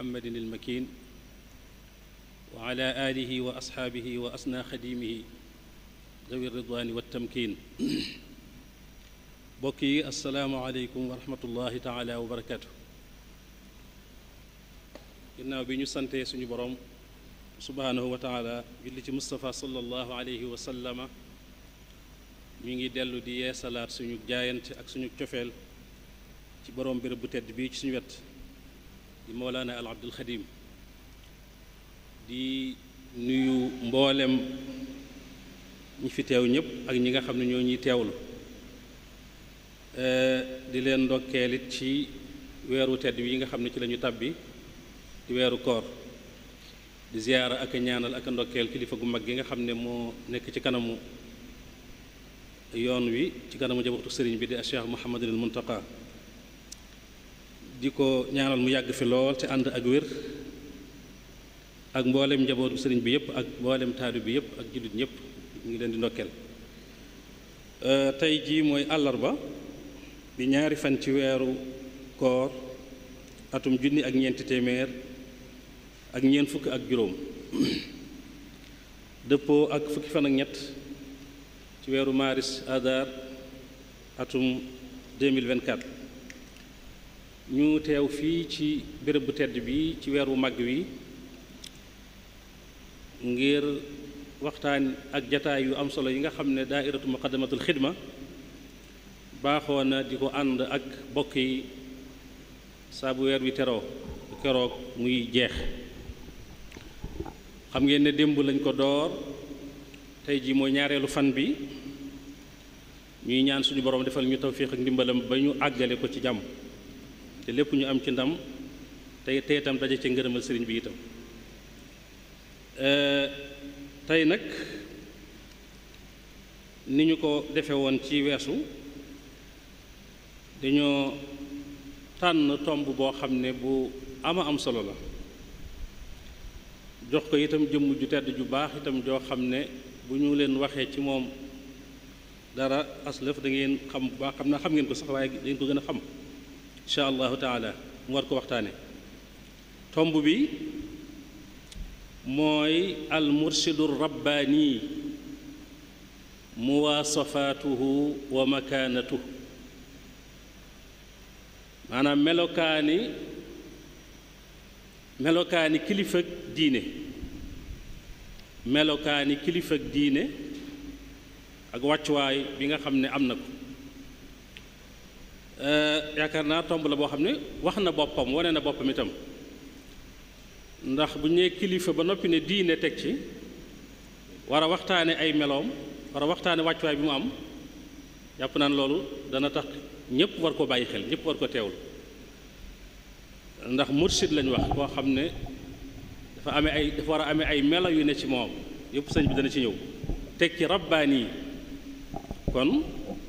muhammadin almakin wa ala alihi wa asxaabihi wa asna xadimihi dawi ridwaani wattamkin mbokk yi assalaamu aleykum wa taala wa barakatu bi ñu santee suñu borom subhaanahu wa taala julli ci mustapha ngi dellu suñu jaayante ak suñu cofeel ci borom béréb bu tedd bii ci suñu wet di moolaana al abdul xadim di nuyu mboolem ñi fi teew ñëpp ak ñi nga xam ne ñoo ñuy teewlu di leen ndokkeelit ci weeru tedd wi nga xam ne ci lañu tàbbi di weeru koor di ziyaara ak ñaanal ak ndokkeel kilifa gu mag gi nga xam ne moo nekk ci kanamu yoon wi ci kanamu jabootu sëriñ bi di Cheikh Mouhamadul Muntaqa di ko ñaanal mu yàgg fi lool te ànd ak wér ak mboolem njabootu sëriñ bi yëpp ak mboolem taadu bi yëpp ak jullit ñëpp mu ngi leen di ndokkeel euh, tey jii mooy àllarba di ñaari fan ci weeru koor atum junni ak ñeenti téeméer ak ñeent fukk ak juróom dëppoo ak fukki fan ak ñett ci weeru maaris adar atum 2024 ñu teew fii ci béréb bu tedd bi ci weer wu mag wi ngir waxtaan ak jataay yu am solo yi nga xam ne daairatu muqaddamatul xidma baaxoo na di ko ànd ak bokk yi saa bu weer wi teroo keroog muy jeex xam ngeen ne démb lañ ko door tey ji mooy ñaareelu fan bi ñuy ñaan suñu borom defal ñu taw tawfiq ak ndimbalam ba ñu àggale ko ci jàmm lépp ñu am ci ndam tey tey itam daje ci ngërëmal sëriñ bi itam euh, tey nag ni ñu ko defe woon ci weesu dañoo tànn tomb boo xam ne bu ama am solo la jox ko itam jëmm ju tedd ju baax itam joo xam ne bu ñu leen waxee ci moom dara aslëf da ngeen xam bu baax xam naa xam ngeen ko sax waaye da ngeen ko gën a xam incha allahu taala mu war ko waxtaane tomb bi mooy al mursidu rabbaani muwaasafaatuhu wa makaanatuhu maanaam melokaani melokaani kilifag diine melokaani kilifag diine ak wàccuwaay bi nga xam ne am na ko Euh, yaakaar naa tomb la boo xam ne wax na boppam wane na boppam itam ndax bu ñu nee kilifa ba noppi ne diine teg ci war a waxtaane ay meloom war a waxtaane wàccuwaay bi mu am jàpp naan loolu dana tax ñëpp war ko bàyyi xel ñëpp war ko teewlu ndax mursid lañ wax koo xam ne dafa ame ay dafa war a amee ay melo yu ne ci moom yëpp sëñ bi dana ci ñëw teg ci rabbaani kon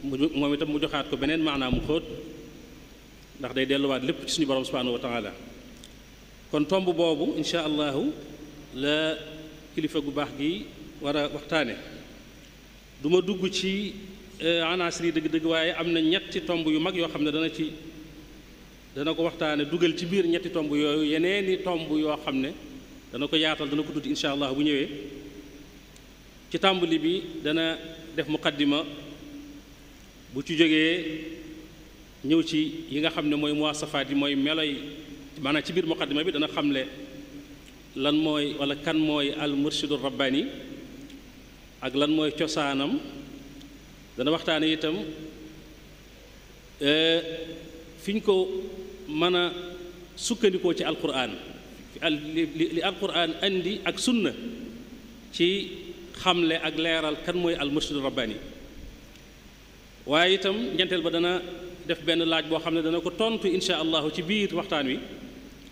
moom itam mu joxaat ko beneen maanaam mu xóot ndax day delluwaat lépp ci suñu borom subhanahu wa taala kon tomb boobu incha allahu la kilifa gu baax gi war a waxtaane duma dugg ci euh, anaasir yi dëgg-dëgg waaye am na ñetti tomb yu mag yoo xam ne dana ci dana ko waxtaane dugal ci biir ñetti tomb yooyu yeneeni tomb yoo xam ne dana ko yaatal dana ko tudd incha allah bu ñëwee ci tàmbali bi dana def muqaddima bu ci jógee ñëw ci yi nga xam ne mooy muwasafaat yi mooy yi maanaam ci biir muqaddima bi dana xamle lan mooy wala kan mooy al mursidu rabbani ak lan mooy cosaanam dana waxtaane itam e, fi ñu ko mën a sukkandikoo ci alquran li alquran indi ak sunna ci xamle ak leeral kan mooy al mursidu rabbani waaye itam ñenteel ba dana def benn laaj boo xam ne dana ko tontu insha allahu ci biir waxtaan wi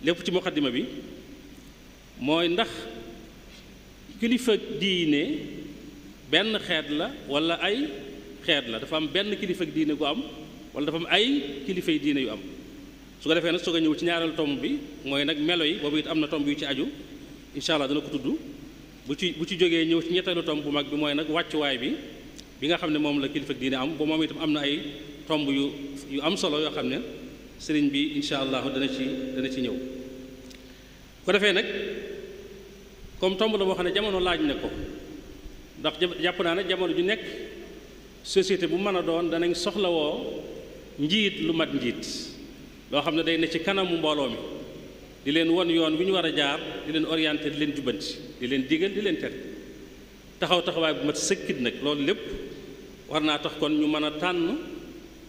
lépp ci muqaddima bi mooy ndax kilifa diine benn xeet la wala ay xeet la dafa am benn kilifa diine gu am wala dafa am ay kilifay diine yu am su ko defee nag soo ko ñëw ci ñaareelu tomb bi mooy nag melo yi boobu it am na tomb yu ci aju incha allah dana ko tudd bu ci bu ci jógee ñëw ci ñetteelu tomb bu mag bi mooy nag wàccuwaay bi bi nga xam ne moom la kilifa diine am ba moom itam am na ay tomb yu yu am solo yoo xam ne sëriñ bi incha allah dana ci dana ci ñëw ko defee nag comme tomb la boo xam ne jamono laaj na ko ndax jàpp naa ne jamono ju nekk société bu mën a doon danañ soxlawoo njiit lu mat njiit loo xam ne day ne ci kanamu mbooloo mi di leen won yoon wi ñu war a jaar di leen orienté di leen jubbanti di leen digal di leen tere taxaw taxawaay bu mat sëkkit nag loolu lépp war naa tax kon ñu mën a tànn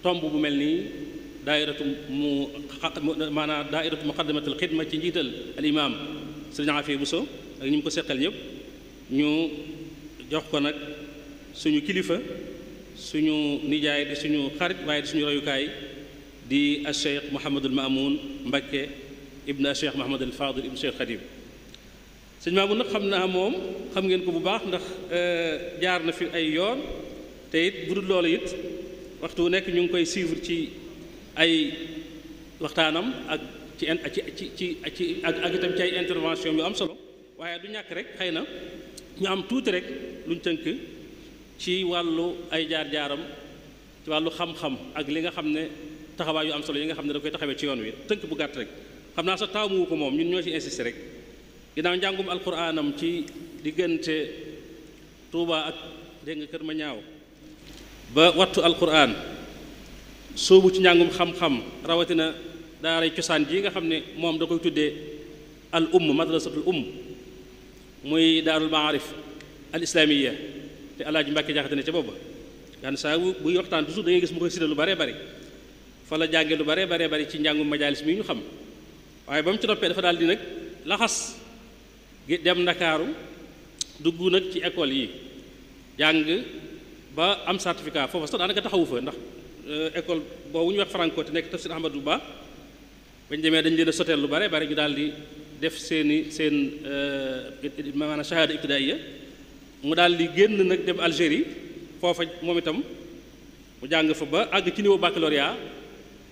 tomb bu mel nii daairatu mu maanaam daairatu muqaddamatul xidma ci njiital al imaam sëriñ Afee Buso ak ñi mu ko seqal ñëpp ñu jox ko nag suñu kilifa suñu nijaay di suñu xarit waaye di suñu royukaay di al Cheikh ma Mamoun Mbakke ibn al Cheikh Mouhamadul Fadil ibn Cheikh Khadim sëñ Maamun na xam naa moom xam ngeen ko bu baax ndax euh, jaar na fi ay yoon te it bu dul loolu yit waxtu wu nekk ñu ngi koy suivre ci ay waxtaanam ak ci ci ci ci ak ak itam ci ay intervention yu am solo waaye du ñàkk rek xëy na ñu am tuuti rek luñ tënk ci wàllu ay jaar-jaaram ci wàllu xam-xam ak li nga xam ne taxawaay yu am solo yi nga xam ne da koy taxawee ci yoon wi tënk bu gàtt rek xam naa sax taamu ko moom ñun ñoo ci insisté rek. ginnaaw njàngum alquraanam ci diggante tuuba ak dégg nga kër ma ñaaw ba wattu alquraan soobu ci njàngum xam-xam rawatina daalay cosaan ji nga xam ne moom da koy tuddee al umm madrasatul umm muy daarul maarif al islaamiya te alaaji mbàkke jaxate ne ca booba yaan saa buy waxtaan toujours da ngay gis mu koy sida lu bare bare fa la jànge lu bare bare bare ci njàngum majaalis mi ñu xam waaye ba mu ci noppee dafa daal di nag laxas dem ndakaaru dugg nag ci école yi jàng ba am certificat foofa sax daanaka taxawu fa ndax ecole euh, boobu ñu wax franco te nekk tafsir ahmadu ba bañ demee dañ leen a soteel lu bare bare ñu daal di def seeni seen euh, maanaam shahada ibtidaaiya mu daal di génn nag dem Algérie foofa moom itam mu jàng fa ba àgg ci niveau baccalauréat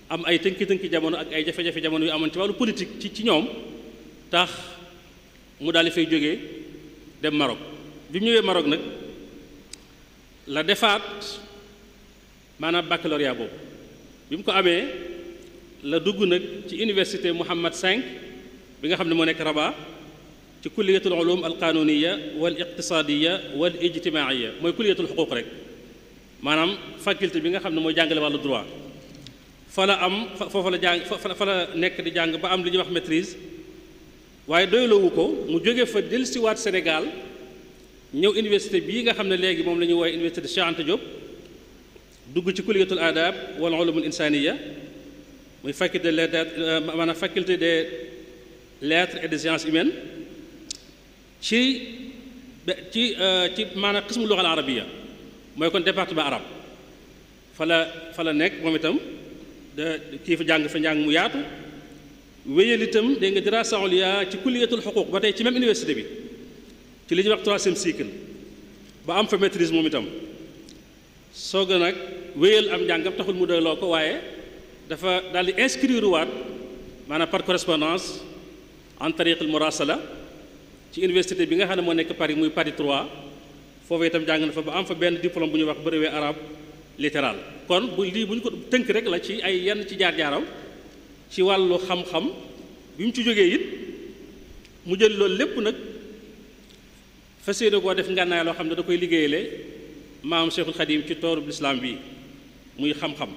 am ay tënki-tënki jamono ak ay jafe-jafe jamono yu amoon ci wàllu politique ci ci ñoom tax mu daal di fay jóge dem Maroc bi mu ñëwee Maroc nag la defaat maanaam baccalauréat boobu bi mu ko amee la dugg nag ci université Mohammed V bi nga xam ne moo nekk Rabat ci kulliyatul ulum al qanuniya wal iqtisadiya wal ijtimaiya mooy kulliyatul xuquq rek maanaam faculté bi nga xam ne mooy jàngale wàllu droit fa la am foofa la jàng fa la fa nekk di jàng ba am li ñuy wax maîtrise waaye doylawu ko mu jóge fa siwaat Sénégal ñëw université bii nga xam ne léegi moom la ñuy woowee université de Cheikh Anta Diop dugg ci kulliyatul adab wala ulumul insaniya muy faculté de euh, maanaam faculté des lettres et des sciences humaines ci ci euh, ci maanaam qismu lughal arabiya mooy kon département arabe fa la fa la nekk moom itam de kii fa jàng fa njàng mu yaatu wéyal itam dégg nga dirasa ulya ci kulliyatul xuquuq ba tey ci même université bi ci li ñuy wax troisième cycle ba am fa maîtrise moom itam soog a nag wéyal am njàngam taxul mu doyloo ko waaye dafa daal di inscrire waat maanaam part correspondance en tariqul murasala ci université bi nga xam ne moo nekk Paris muy Paris 3 foofu itam jàng na fa ba am fa benn diplôme bu ñuy wax brevet arabe littéral kon bu lii bu ñu ko tënk rek la ci ay yenn ci jaar-jaaram ci wàllu xam-xam bi mu ci jógee it mu jël loolu lépp nag fas yéene koo def ngànnaay loo xam ne da koy liggéeyale maam Cheikhul Khadim ci toorub lislaam bi muy xam-xam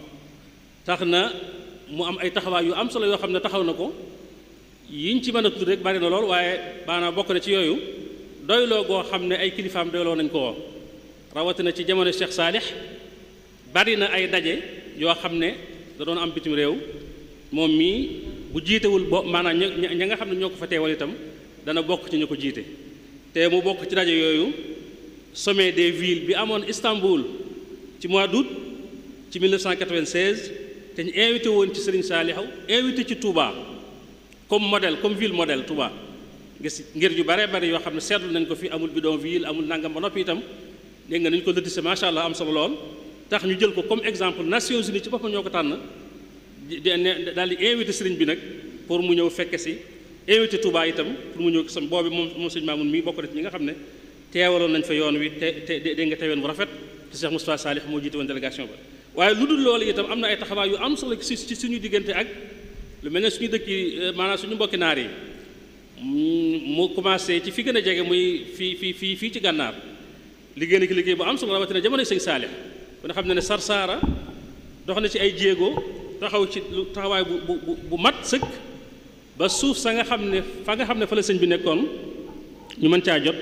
tax na mu am ay taxawaay yu am solo yoo xam ne taxaw na ko yiñ ci mën a tudd rek bari na lool waaye maanaam bokk na ci yooyu doyloo goo xam ne ay kilifaam doyloo nañ ko rawatina ci jamono Cheikh Saalix bari na ay daje yoo xam ne da doon am bitim réew moom mii bu jiitewul bo maanaam ña nga xam ne ñoo ko fa teewal itam dana bokk ci ñu ko jiite te mu bokk ci daje yooyu sommet des ville bi amoon Istanbul ci mois d'août ci 1996 te ñu invité woon ci Serigne Saliou invité ci Touba comme modèle comme ville modèle Touba gis ngir yu bare bare yoo xam ne seetlu nañ ko fi amul bidonville amul nangam ba noppi itam dégg nga nañ ko lotissé macha allah am solo lool tax ñu jël ko comme exemple Nations Unies ci boppam ñoo ko tànn. daal di invité sëriñ bi nag pour mu ñëw fekke si invité Touba itam pour mu ñëw sam boobu moom moom sëñ Mamoun mii bokk na ci ñi nga xam ne teewaloon nañ fa yoon wi te te dégg nga teeween bu rafet te Cheikh Moustapha Salih moo jiite woon waaye lu dul loolu itam am na ay taxawaay yu am solo ci suñu diggante ak lu mel ne suñu dëkk yi euh, maanaam suñu mbokki naar yi mm, mu commencé ci fi gën a jege muy fii fii fii fii ci gànnaar liggéey na liggéey bu am solo rawatina jamono sëñ Saalix ba nga xam ne ne Sarsara dox na ci ay jéego taxaw ci lu taxawaay bu bu bu mat sëkk ba suuf sa nga xam ne fa nga xam ne fa la sëñ bi nekkoon ñu mën caa jot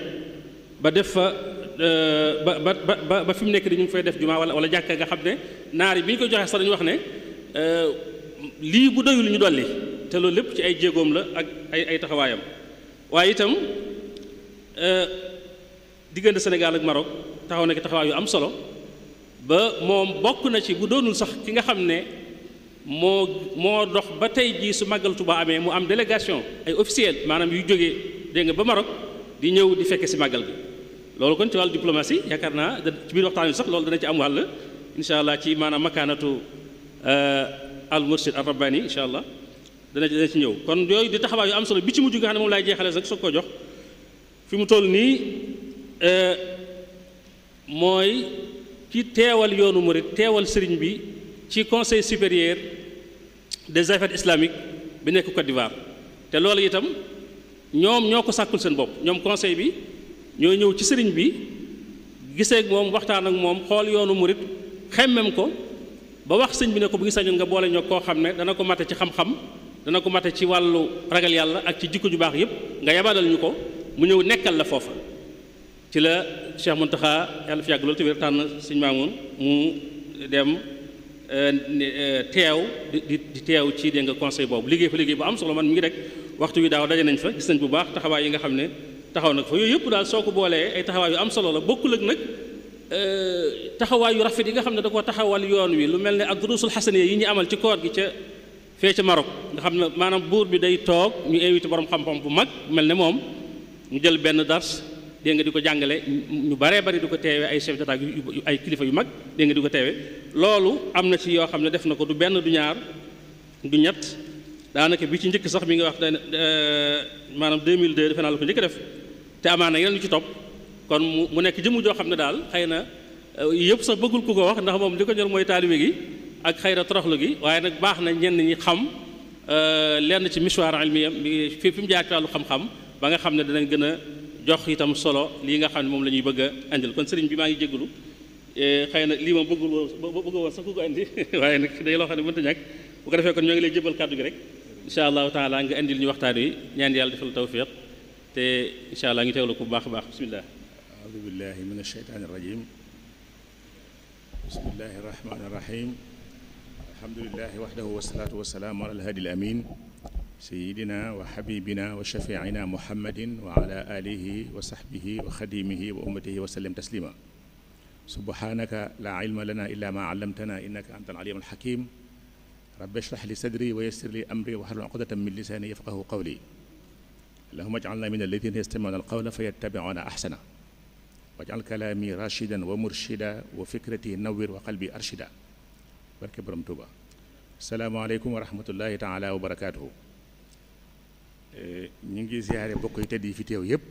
ba def fa euh, ba ba ba ba fi mu nekk di ñu fay def jumaa wala wala jàkka nga xam ne naar yi bi ñu ko joxee sax dañu wax ne euh, lii bu doyul ñu dolli te loolu lépp ci ay jéegoom la ak ay ay taxawaayam waaye itam euh, diggante Sénégal ak Maroc taxaw na ki taxawaay yu am solo ba moom bokk na ci bu doonul sax ki nga xam ne. moo moo dox ba tey jii su màggal Tuba amee mu am délégation ay officiel maanaam yu jógee dégg nga ba Maroc di ñëw di fekke si màggal gi loolu kon ci wàllu diplomatie yaakaar naa da ci biir waxtaan bi sax loolu dana ci am wàll incha allah ci maanaam makaanatu al euh, al rabbani incha allah dana dana ci ñëw kon yooyu di taxawaay am solo bi ci mu nga xam ne moom laay jeexale sax soog jox fi mu toll nii euh, mooy ki teewal yoonu murit teewal sëriñ bi ci conseil supérieur des affaires islamiques bi nekk ko d'Ivoire te loolu itam ñoom ñoo ko sàkkul seen bopp ñoom conseil bi ñoo ñëw ci sëriñ bi giseek moom waxtaan ak moom xool yoonu murit xemmem ko ba wax sëñ bi ne ko bu gisañoon nga boole ñoo koo xam ne dana ko mate ci xam-xam dana ko mate ci wàllu ragal yàlla ak ci jikko ju baax yépp nga yabaadal ñu ko mu ñëw nekkal la foofa ci la Cheikh Mountakha yàlla fi yàgg loolu tamit tànn sëñ Maamoun mu dem Euh, euh, teew di di teew ci dégg nga conseil boobu liggéey fa liggéey bu am solo man mi ngi rek waxtu wi daaw daje nañ fa gis nañ bu baax taxawaay yi nga xam ne taxaw nag fa yooyu yëpp daal soo ko boolee ay taxawaay yu am solo la bokkul ak nag euh, taxawaay yu rafet yi nga xam ne da koo taxawal yoon wi lu mel ne ak durusul xasaniya yi ñu amal ci koor gi ca fee ca Maroc nga xam ne maanaam buur bi day toog ñu invité borom xam-xam bu mag mel ne moom ñu jël benn dars dégg nga di ko jàngale ñu baree bari di ko teewee ay chef d'état yu ay kilifa yu mag dégg nga di ko teewee loolu am na ci yoo xam ne def na ko du benn du ñaar du ñett daanaka bi ci njëkk sax mi ngi wax dana euh, maanaam 2002 defe naa la ko njëkk def te amaana yenn lu ci topp kon mu nekk jëmm joo xam ne daal xëy na euh, yëpp sax bëggul ku ko wax ndax moom li ko ñor mooy taalibe gi ak xëy na toroxlu gi waaye nag baax na ñenn ñi xam euh, lenn ci misuwaar almiyam fi mu jaar ci wàllu ba nga xam ne danañ gën a jox itam solo lii nga xam ne moom la ñuy bëgg a andil kon sëriñ bi maa ngi jégalu eh, xëy na lii moom bëggul woon bëgg woon sax ku ko andi waaye nag day loo xam ne mënta ñàkk bu ko defee kon ñoo ngi lay jébal kàddu gi rek incha allahu taala nga indil ñu waxtaan wi ñaan yàlla defal tawfiq te incha allah ngi teewlu ko bu baax a baax bisimilah aoudu billahi min asheytaani irajim bismillahi irrahmani irrahim alhamdulilahi wahdahu wasalaatu wasalaamu ala sayidina wa xabibina wa shafiina muhammadin wa ala alihi wa saxbihi wa xadimihi wa ummatihi wa sallim taslima subhanaka la ilma lana illa ma allamtana innaka anta alalim alxakim rabbi ishrah li sadri wa yassir li amri wahlul uqdatan min lisani yafqahu qawli allahuma ij'alna min alladhina yastami'una alqawla fayattabi'una ahsana waj'al kalami rashidan wa murshida wa fikrati nawwir wa qalbi arshida barke borom Tuuba assalaamu aleykum wa rahmatullahi taala wa barakatuhu ñu ngi ziare mbokk yi tedd yi fi teew yëpp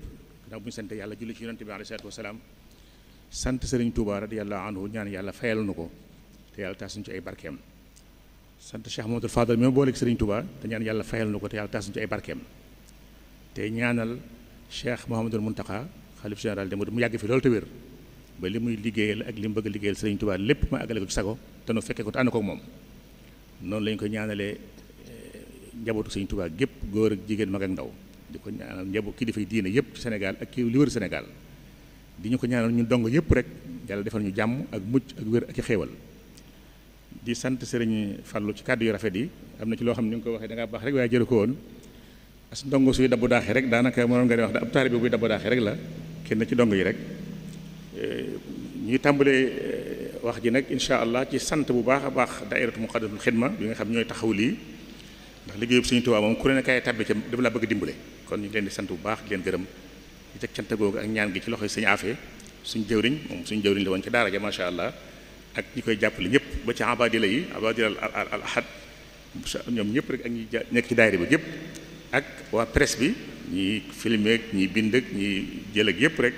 ndax bu ñu sant yàlla julli ci yonante bi alayhi salaatu wasalaam sant Serigne Touba radiyallahu anhu yàlla fayal nu ko te yàlla taas ñu ci ay barkeem sant Cheikh Mamadou Fadal mi ma booleeg Serigne Touba te yàlla fayal nu ko te yàlla taas ñu ci ay barkeem te ñaanal Cheikh Mouhamadul Mountakha xalif général de mu yàgg fi loolu te wér ba li muy liggéeyal ak li mu bëgg a liggéeyal Serigne Touba lépp ma àggale ko ci sago te nu fekkee ko te ànd ko moom noonu lañ ko ñaanalee njabootu sëñ Tuubaa gépp góor ak jigéen mag ak ndaw di ko ñaanal njaboot kilifa yi diine yëpp Sénégal ak kii li wër Sénégal ñu ko ñaanal ñu dong yëpp rek yàlla defal ñu jàmm ak mucc ak wér ak i xéewal di sant sëriñ Fallou ci kàddu yu rafet yi am na ci loo xam ni nga koy waxee da baax rek waaye jële ko woon as ndongo suy dabbu daaxee rek daanaka mënoon nga ne wax da ab taalibe buy dabbu daaxee rek la kenn ci dong yi rek eh, ñuy tàmbalee eh, wax ji nag incha allah ci sant bu baax a baax daayiratu muqaddamatul xidma bi nga xam ñooy taxaw lii ndax liggéeyub Sëriñ Tuubaa moom ku ne kaay tàbbi ca dafa la bëgg dimbale kon ñu ngi leen di sant bu baax di leen gërëm di teg cant googu ak ñaan gi ci loxoy suñu Afee suñ jëwriñ moom suñ jëwriñ la woon ci daara ja macha allah ak ñi koy jàppale ñëpp ba ci abadila yi abadila al al ahad ñoom ñëpp rek ak ñi nekk ci daayira bi yëpp ak waa presse bi ñi filmer ñi bind ak ñi jël yëpp rek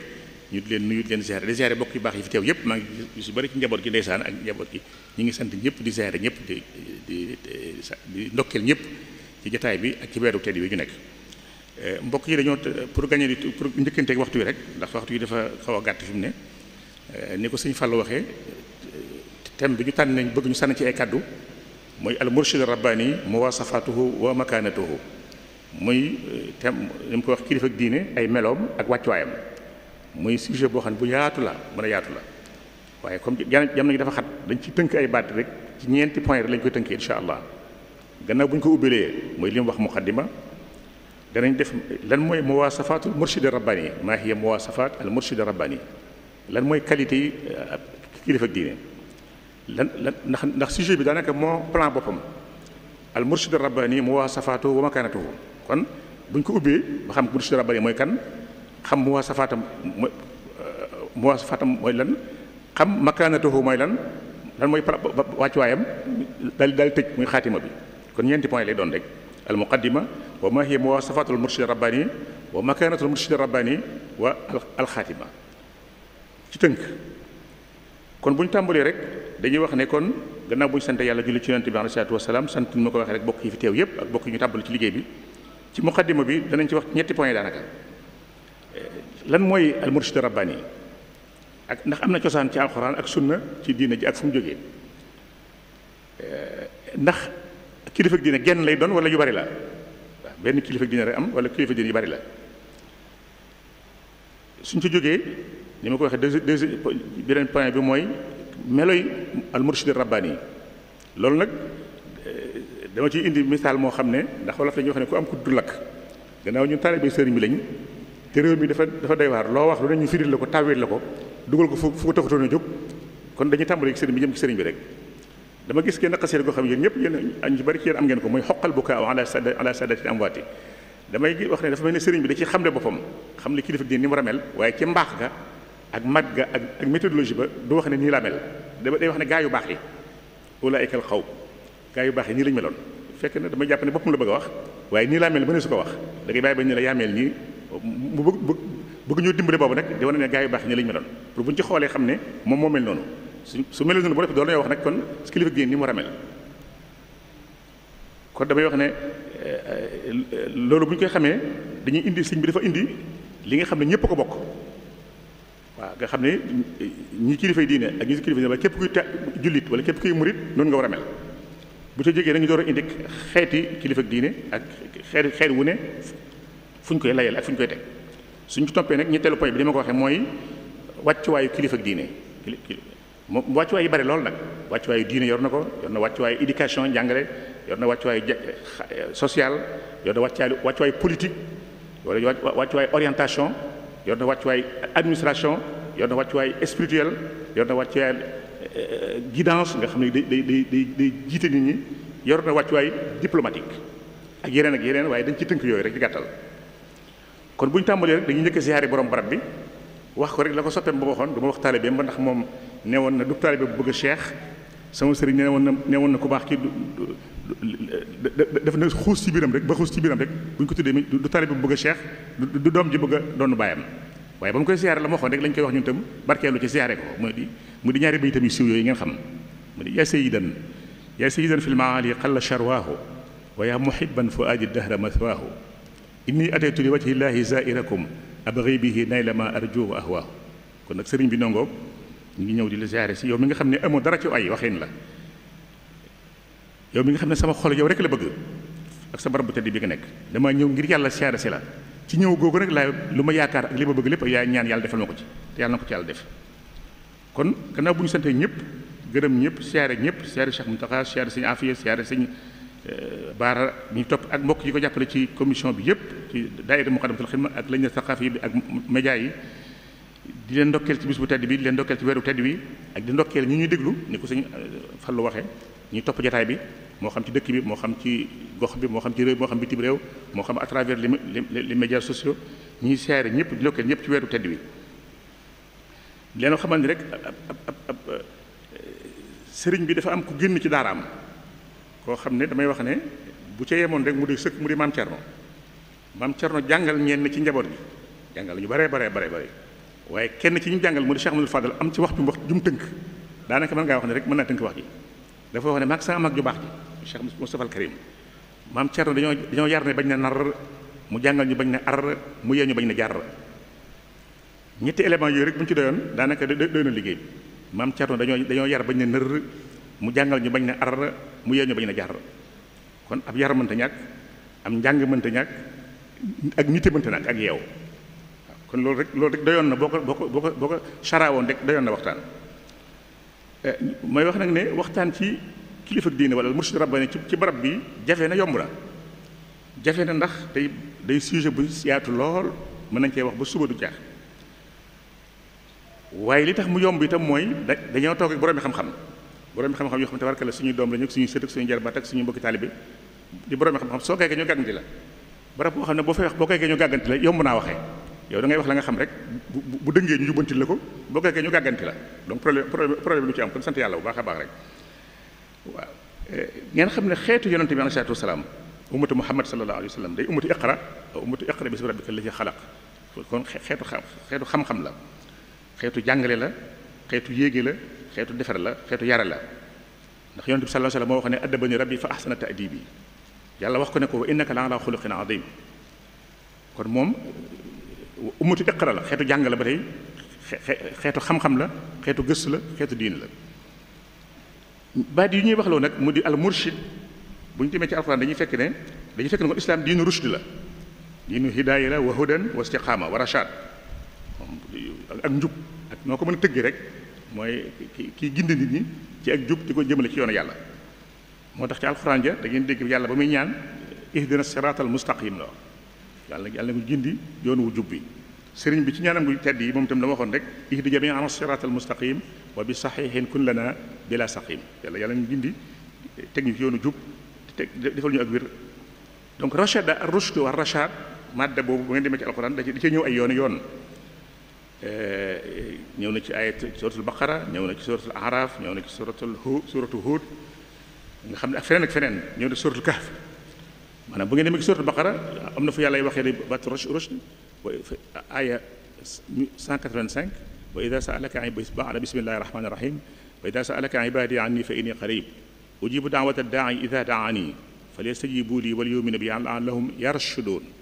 ñu di leen nuyu di leen ziare di ziare bokk yu baax yi fi teew yëpp maa ngi si bëri ci njaboot gi ndeysaan ak njaboot gi ñu ngi sant ñëpp di ziare ñëpp di di di ndokkeel ñëpp ci jataay bi ak ci weeru tedd bi ñu nekk eh, mbokk yi dañoo pour gagner di pour njëkkanteeg waxtu yi rek ndax waxtu yi dafa xaw a gàtt fi mu ne eh, ni ko sëñ Fallou waxee eh, thème bi ñu tànn nañ bëgg ñu sànni ci ay kàddu mooy al murshid rabbani moo wa makanatuhu muy thème ni mu ko wax kilifa ak diine ay meloom ak wàccuwaayam muy sujet boo xam ne bu yaatu la mën a yaatu la waaye comme jamono gi dafa xat dañ ci tënk ay baat rek ci ñeenti point rek lañ koy tënkee incha allah gannaaw buñ ko ubbilee mooy li mu wax muqaddima danañ def lan mooy muwaasafatul murshid rabbani maa hiya muwaasafat al murshid rabbani lan mooy qualité euh, kilifa diine lan lan ndax ndax sujet bi daanaka moo plan boppam al murshid rabbani muwaasafatu wa makaanatuhu kon buñ ko ubbee ba xam murshid rabbani mooy kan xam muwaasafaatam mooy euh, muwaasafaatam mooy lan xam makaanatuhu mooy lan lan mooy wàccuwaayam daal dal tëj muy xaatima bi kon ñeenti point lay doon rek al muqaddima wa ma hiya muwaasafaatul murshid rabbani wa makaanatul murshid rabbani wa al xaatima ci tënk kon bu ñu tàmbalee rek dañuy wax ne kon gannaaw bu ñu sant yàlla julli ci yonent bi alayhi salaatu wasalaam sant ñu ma ko waxee rek bokk yi fi teew yépp ak bokk ñu tàmbali ci liggéey bi ci muqaddima bi danañ ci wax ñetti point daanaka lan mooy al murshid rabbani ak ndax am na cosaan ci alxuraan ak sunna ci diina ji ak fu mu jógee eh, ndax kilifa diina genn lay doon wala yu bari la benn kilifa diina rek am wala kilifa diina yu bari la suñ ci jógee ni ma ko waxee deuxième deuxième beneen point bi mooy meloy al murshid rabbani loolu nag eh, dama ciy indi misaal moo xam ne ndax wolof la ñuy wax ne ku am ku dul lakk gannaaw ñu taalibe sëriñ bi lañ te réew mi dafa dafa doy waar loo wax lu ne ñu firil la ko tawil la ko dugal ko fu ko taxutoon a jóg kon dañu tàmbali sëriñ bi jëm ci sëriñ bi rek dama gis kenn xasee goo xam ne yéen ñëpp yéen añ ci bari ci yéen ko mooy xoqal bu kaaw ala ala sadati wax ne dafa mel ne sëriñ bi da ci xam ne boppam xam ne kii dafa ni mu ramel waaye ci mbaax ga ak mat ga ak ak ba du wax ne nii la mel day wax ne gaa yu baax yi ulaayka al xaw gaa yu baax yi nii lañ meloon fekk na damay jàpp ne boppam la bëgg a wax waaye nii laa mel mëne su ko wax da ngay bàyyi bañ ne la yaa nii mu bëgg bëgg bëgg ñoo dimbale boobu nag di na ne gaa yi baax ñi lañu meloon pour buñ ci xoolee xam ne moom moo mel noonu su su mel noonu bu def doolu nañoo wax kon su kilifa gi ni mu ramel damay wax ne euh, loolu bu ñu koy xamee dañuy indi sëñ bi dafa indi li nga xam ne ñëpp ko bokk waaw nga xam ne ñi kilifay diine ak ñi kilifay diine wala képp kuy ta jullit wala képp kuy murit noonu nga war a mel bu ca jógee nag ñu door a indi xeeti kilifa diine ak xeet xeet wu ne fu ñu koy layal ak fu ñu koy teg suñ ci toppee nag ñetteelu point bi dama ko waxee mooy wàccuwaayu kilifa ak diine moom wàccuwaay yi bari lool nag wàccuwaayu diine yor na ko yor na wàccuwaayu éducation jàngale yor na wàccuwaayu social yor na wàccuwaayu wàccuwaayu politique yor na wàccuwaayu orientation yor na wàccuwaayu administration yor na wàccuwaayu spirituel yor na wàccuwaayu euh, guidance nga xam ne day day day day jiite nit ñi yor na wàccuwaay diplomatique ak yeneen ak yeneen waaye dañ ci tënk yooyu rek di gàttal. kon bu ñu tàmbalee rek dañuy njëkk siyaare borom barab bi wax ko rek la ko sotteem ba waxoon du ma wax taalibeem ba ndax moom ne woon na du taalibe bu bëgg a cheikh sama sëriñ ne woon na ne woon na ku baax kii def na xuus ci biiram rek ba xuus ci biiram rek bu ñu ko tuddee du taalibe bu bëgg a cheikh du doom ji bëgg a doon bàyyam waaye ba mu koy siyaare la ma waxoon rek lañ koy wax ñun tam barkeelu ci siyaare ko mu di mu di ñaari bay itam yu siiw yooyu ngeen xam mu di yaa sayyidan yaa sayyidan fil maali qalla charwaahu wa yaa muhibban fuaadi dahra mathwaahu indi ataytu li wajhi llahi zairakum abghi bihi nayla ma arju wa ahwa kon nag sëriñ bi nangoo ñu ngi ñëw di la ziare si yow mi nga xam ne amoo dara ci ay waxin la yow mi nga xam ne sama xol yow rek la bëgg ak sa barab bu tedd bi nga nekk damaa ñëw ngir yàlla ziare si la ci ñëw googu rek laa lu ma yaakaar ak li ma bëgg lépp yaa ñaan yàlla defal ma ko ci te yàlla na ko ci yàlla def kon gannaaw bu ñu santee ñëpp gërëm ñëpp siyaare ñëpp siyaare Cheikh Mountakha siyaare sëñ Afiya siyaare sëñ Euh, baara ñu topp ak mbokk yi ko jàppale ci commission bi yëpp ci daayira Muqaddamatul Xidma ak lañ ne saqaafi bi ak média yi di leen ndokkeel ci bu tedd bi di leen ndokkeel ci weeru tedd bi ak di ndokkeel ñu ñuy déglu ni ko sëñ euh, Fallu waxee ñu topp jataay bi moo xam ci dëkk bi moo xam ci gox bi moo xam ci réew moo xam bitim réew moo xam à travers les médias sociaux ñuy seere ñëpp di ndokkeel ñëpp ci weeru tedd bi leen xamal ni rek ab ab ab euh, sëriñ bi dafa am ku génn ci daaraam koo xam ne damay wax ne bu ca yemoon rek mu di sëkk mu di maam Cerno maam Cerno jàngal ñenn ci njaboot gi jàngal ñu bare bare bare bare waaye kenn ci ñu jàngal mu di Cheikh Amadou Fadal am ci wax ju wax jum tënk daanaka mën ngaa wax ne rek mën naa tënk wax ji dafa wax ne maag sama mag baax ji Cheikh Moustapha al Karim maam Cerno dañoo dañoo yar ne bañ na nar mu jàngal ñu bañ na ar mu yee ñu bañ na jaar ñetti éléments yooyu rek bu ñu ci doyoon daanaka doy na liggéey maam Cerno dañoo dañoo yar bañ na nër mu jàngal ñu bañ na arr mu yee ñu bañ a jaar kon ab yar mënta ñàkk am njàng mënta ñàkk ak nite mënta ñàkk ak yeew kon loolu rek loolu rek doyoon na boo ko boo ko boo ko boo saraawoon rek doyoon na waxtaan eh, mooy wax nag ne waxtaan ci kilifa diine wala mursid rabbani ci ci barab bi jafe na yomb na jafe na ndax tey day sujet bu yaatu lool mën nañ cee wax ba suba du jaax waaye li tax mu yomb itam mooy dañoo toog ak borom xam-xam borom xam-xam yoo xam tabarka la suñu doom la ñu suñu sët ak suñu jarbaat ak suñu mbokki taalibe di borom xam-xam soo koy ñu gàgganti la barab boo xam ne boo fay wax boo koy ñu gàgganti la yomb nga xam rek bu dëngee ñu jubbantil la ko boo koy gàgganti la donc problème problème lu ci am kon sant yàlla bu baax a baax rek eh, ngeen xam ne xeetu yonante bi alayhi salaatu wasalaam ummatu muhammad sallallahu alayhi wa sallam day ummatu iqra ummatu iqra bismi rabbika allazi xalaq kon xeetu xeetu xam-xam la xeetu jàngale la xeetu yéege la xeetu defar la xeetu yara la ndax yonent bi sallallahu alayhi wasallam moo wax ne addabani rabbi fa ahsana ta'dibi yàlla wax ko ne ko wa innaka la ala xuluqin adim kon moom ummatu iqra la xeetu jàng la ba tey xeetu xam-xam la xeetu gëstu la xeetu diin la baat yi ñuy wax waxloo nag mu di al murshid bu ñu demee ci alxuraan dañuy fekk ne dañuy fekk ne ko islam diinu rushd la diinu hidaaya la wa hudan wa istiqaama wa rashaad ak njub noo ko mën a tëgg rek mooy kii gindi nit ñi ci ak jub di ko jëmale ci yoonu yàlla moo tax ci alxuraan ja da ngeen dégg yàlla ba muy ñaan ihdina siraatal mustaqim la yàlla yàlla na ko gindi wu jub bi sëriñ bi ci ñaanam gu tedd yi moom itam la waxoon rek ihdi jamia an siraatal mustaqim wa bi saxihin kun lana bila saqim yàlla yàlla ñu gindi teg ñu ci yoonu jub te defal ñu ak wér donc rachada rushd wa rachad madda boobu ba ngeen demee ci alxuraan da ci ñëw ay yoon yoon Eh, ñëw na ci ayat suratul baqara ñëw na ci suratul araf ñëw na ci suratul suratu huud nga xam ne ak feneen ak feneen ñëw na suratul kahf maanaam bu ngeen demee ci suratul baqara am na fu yàlla y waxee ne bat roch roch aya 185 wa ida saalaka baada bismillahi rahmani rahim wa ida saalaka ibadi anni fa inni qarib ujibu daawata daai ida daani falyastajibu li wal yuminu bi an lahum yarshudun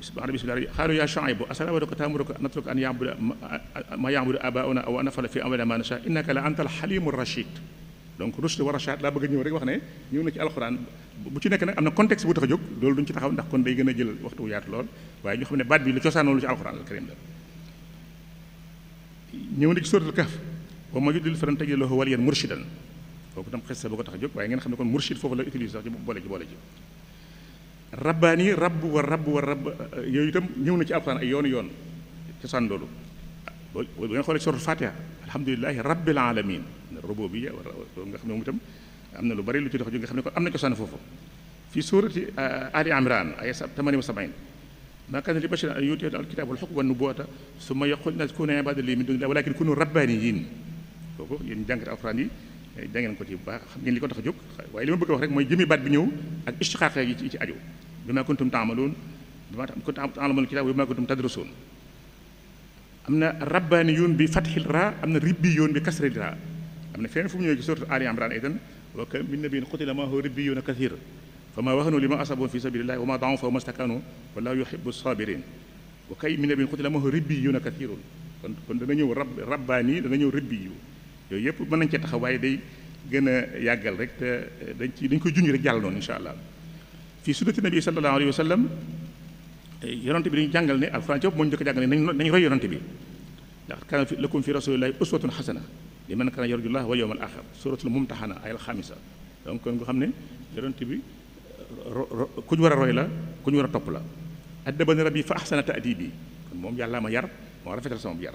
subhaana bismillahi xaalu yaa Shuaybu asalaamaleykum taamuruka an natruka an yaabuda ma yaabudu abauna aw an fi amrina ma nasha innaka la anta xalimu rachid donc rushd wa rachad laa bëgg a ñëw rek wax ne ñëw na ci alxuraan bu ci nekk nag am na contexte bu tax jóg loolu duñ ci taxaw ndax kon day gën a jël waxtu yaatu lool waaye ñu xam ne baat bi lu cosaanoo lu ci alxuraan al la ñëw na ci suratul tax a jóg waaye ngeen xam ne kon murshid foofu rabbaani rabb wa rabb wa euh, rabb yooyu itam ñëw na ci alxuraan ay yoonu yoon cosaan loolu boo boo ngeen xoolee sortu fatiha alhamdulilahi rabbil alamin rububiya nga xam ne moom itam am na lu bari lu ci dox ju nga xam ne kon am na cosaan foofu fi suurati euh, ali imran ay tamani wa sabain ma kaana li basharin an yuutiyahu alkitaaba wal hukma wan nubuwwata summa yaqulu lin-naasi kuunu ibaada lii min duuni llaahi walaakin kuunu rabbaaniyiin kooku yéen jàngat alxuraan yi da ngeen ko ci bu baax xam ngeen li ko tax a jóg waaye li ma bëgg a wax rek mooy jëmi baat bi ñëw ak istixaaq yi ci aju bi maa kuntum taamaloon bi maa taalamoon kitaab bi maa kuntum tadrasoon am na rabbaani bi fatxil ra am na ribbi yoon bi kasril ra am na feneen fu mu ñëwee ci sourate Ali Imran itam wa kam min nabiyyin qutila maahu ribbiyuuna kathiir fa maa wahanuu limaa asaabahum fii sabiilillaahi wa maa da'ufuu wa maa stakaanuu wallaahu yuhibbu saabiriin wa kam min nabiyyin qutila maahu ribbiyuuna kathiirun yooyu yëpp mën nañ cee taxaw waaye day gën a yàggal rek te eh, dañ ci dañ koy junj rek jàll noonu incha allah fii sunnati nabi sallallahu alayhi wa sallam eh, yonante bi dañu jàngal ne alxuraan yëpp moo ñu njëkk a jàngal ne nañ roy yonante bi ndax kaana fi lakum fi rasulillahi uswatun xasana li man kaana yarjullah wal yawmal axir suratul mumtaxana ay alxamisa donc kon nga xam ne yonante bi eh, ku ñu war a roy la ku ñu war a topp la addabani yi fa axsana yi kon moom yàlla ma yar moo rafetal sama yar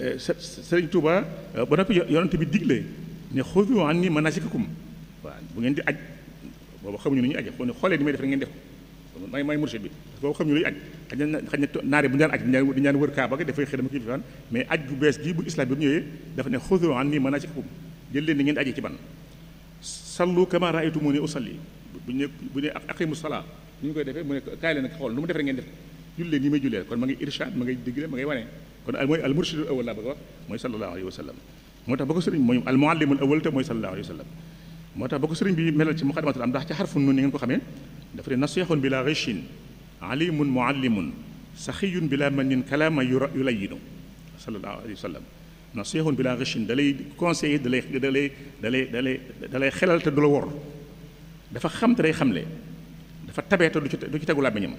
Euh, Sëriñ Tuuba euh, ba yo yonent bi digle ne xudu anni manasikakum waaw bu ngeen di aj boobu xamuñu ni ñuy aje ne xoolee ni may def rek ngeen def ko may may mursid bi boobu xamuñu luy aj xaj na xaj na naari bu ñu daan aj dañu daan wër kaaba ga dafay xëy dama mais aj bu bees gi bu islam bi bu ñëwee dafa ne xudu anni manasikakum jël leen ni ngeen aje ci ban sallu kama raaytumuni usalli bu ñu bu ñu aqimu salaa ñu koy defee mu ne kaay xool nu mu def rek ngeen def julleen yi may jullee kon ma ngi irshad ma ngay digle ma ngay wane kon mooy al murshidul awal laa mooy sallallahu alayhi wa sallam moo tax ba ko sëriñ mooy al muallimul awal te mooy sallallahu alayhi wa sallam moo tax ba ko sëriñ bi melal ci muqaddimatul am ndax ci xarfu nun ni ngeen ko xamee dafa ne nasihun bila ghishin alimun muallimun saxiyun bila manin kalama yulayinu sallallahu alayhi wa sallam nasihun bila ghishin da lay da da lay da lay da lay da lay xelal te du la wor dafa xam te day xamle dafa tabeete du ci du ci tegu làmmiñam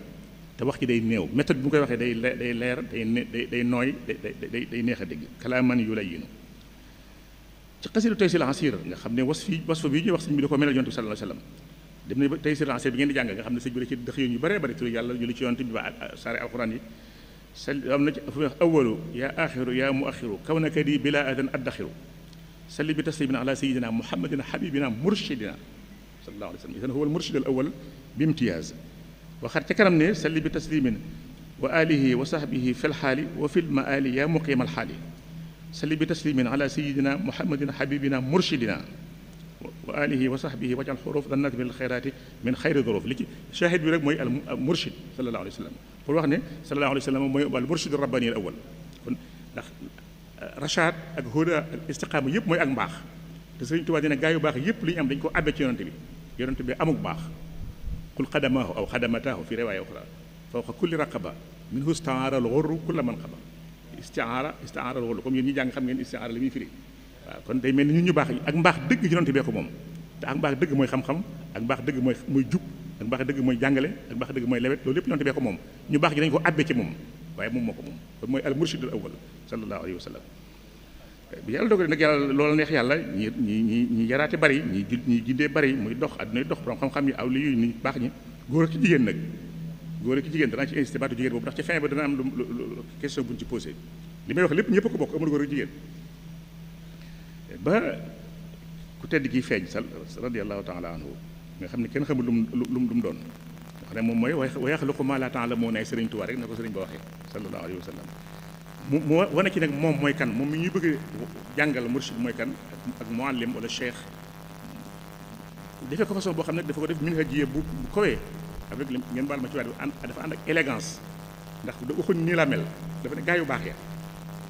te wax ci day néew méthode bu ñu koy waxee day day leer day day day nooy day neex a dégg kalaaman yu lay yinu ci xasidu tey si nga xam ne was fi was bii ñuy wax sëñ bi da ko melal yonent bi sallallahu alayhi na tey si la asir bi ngeen di jàng nga bi da ci dëx yoon yu bëree bëri saare alquran yi sal am na ci fu wax awalu yaa axiru yaa mu bi taslimina ala sayidina muhammadina habibina murshidina sallallahu alayhi wa sallam idan huwa bi imtiyaaz waxaat ca kanam ne salli bi taslimin wa alihi wa sahbihi fi lxaali wa fi lmaali yaa muqiima alxaali salli bi taslimin ala sayidina muhammadin habibina murshidina wa alihi wa sahbihi wajal xuruf dannat min alxayraati min xayri duruf li ci shahid bi rek mooy al murshid sallallahu alayhi wa sallam pour wax ne sallallahu alayhi wa sallam mooy al murshid rabbani al awal kon ndax euh, rachad ak huda ak istiqaama yëpp mooy ak mbaax te Sëriñ Tuubaa na gaa yu baax yëpp li ñu am dañu ko abbee ci yonante bi yonante bi amuk baax qul xadamaahu aw xadamatahu fi riwaaya uxra fawqa kulli raqaba minhu istaara al xurru kulla xaba istiara istaara al comme yéen ñi jàng xam ngeen istiara li muy firi waaw kon day mel ni ñun ñu baax ak mbaax dëgg yonante bee ko moom te ak mbaax dëgg mooy xam-xam ak mbaax dëgg mooy mooy jub ak mbaax dëgg mooy jàngale ak mbaax dëgg mooy lewet loolu lépp yonante bee ko moom ñu baax ñi dañu ko abbe ci moom waaye moom moo ko moom kon mooy al murshid bi yàlla dogalee nag yàlla loola neex yàlla ñi ñi ñi ñi yaraate bari ñi ñi jiddee bari muy dox addunay dox borom xam-xam yi aw li yu nit baax ñi góor ak jigéen nag góor ak jigéen danaa ci insisté baatu jigéen boobu ndax ci fin ba dana am lu question bu ñu ci posé li may wax lépp ñëpp ko bokk amul góor ak jigéen ba ku tedd gi feeñ sa radiallahu taala anhu nga xam ne kenn xamul lu mu lu mu doon wax ne moom mooy wa yaxluqu ma la ta'lamuuna ay sëriñ Tuubaa rek na ko sëriñ ba waxee sallallahu alayhi wa sallam mu mu wane ci nag moom mooy kan moom mi ñuy bëgg jàngal bi mooy kan ak muallim wala cheikh defee ko façon boo xam ne dafa ko def minhajiyya bu bu kowee avec ngeen baal ma ci waat dafa ànd ak ndax da waxuñ nii la mel ne gaa yu baax ya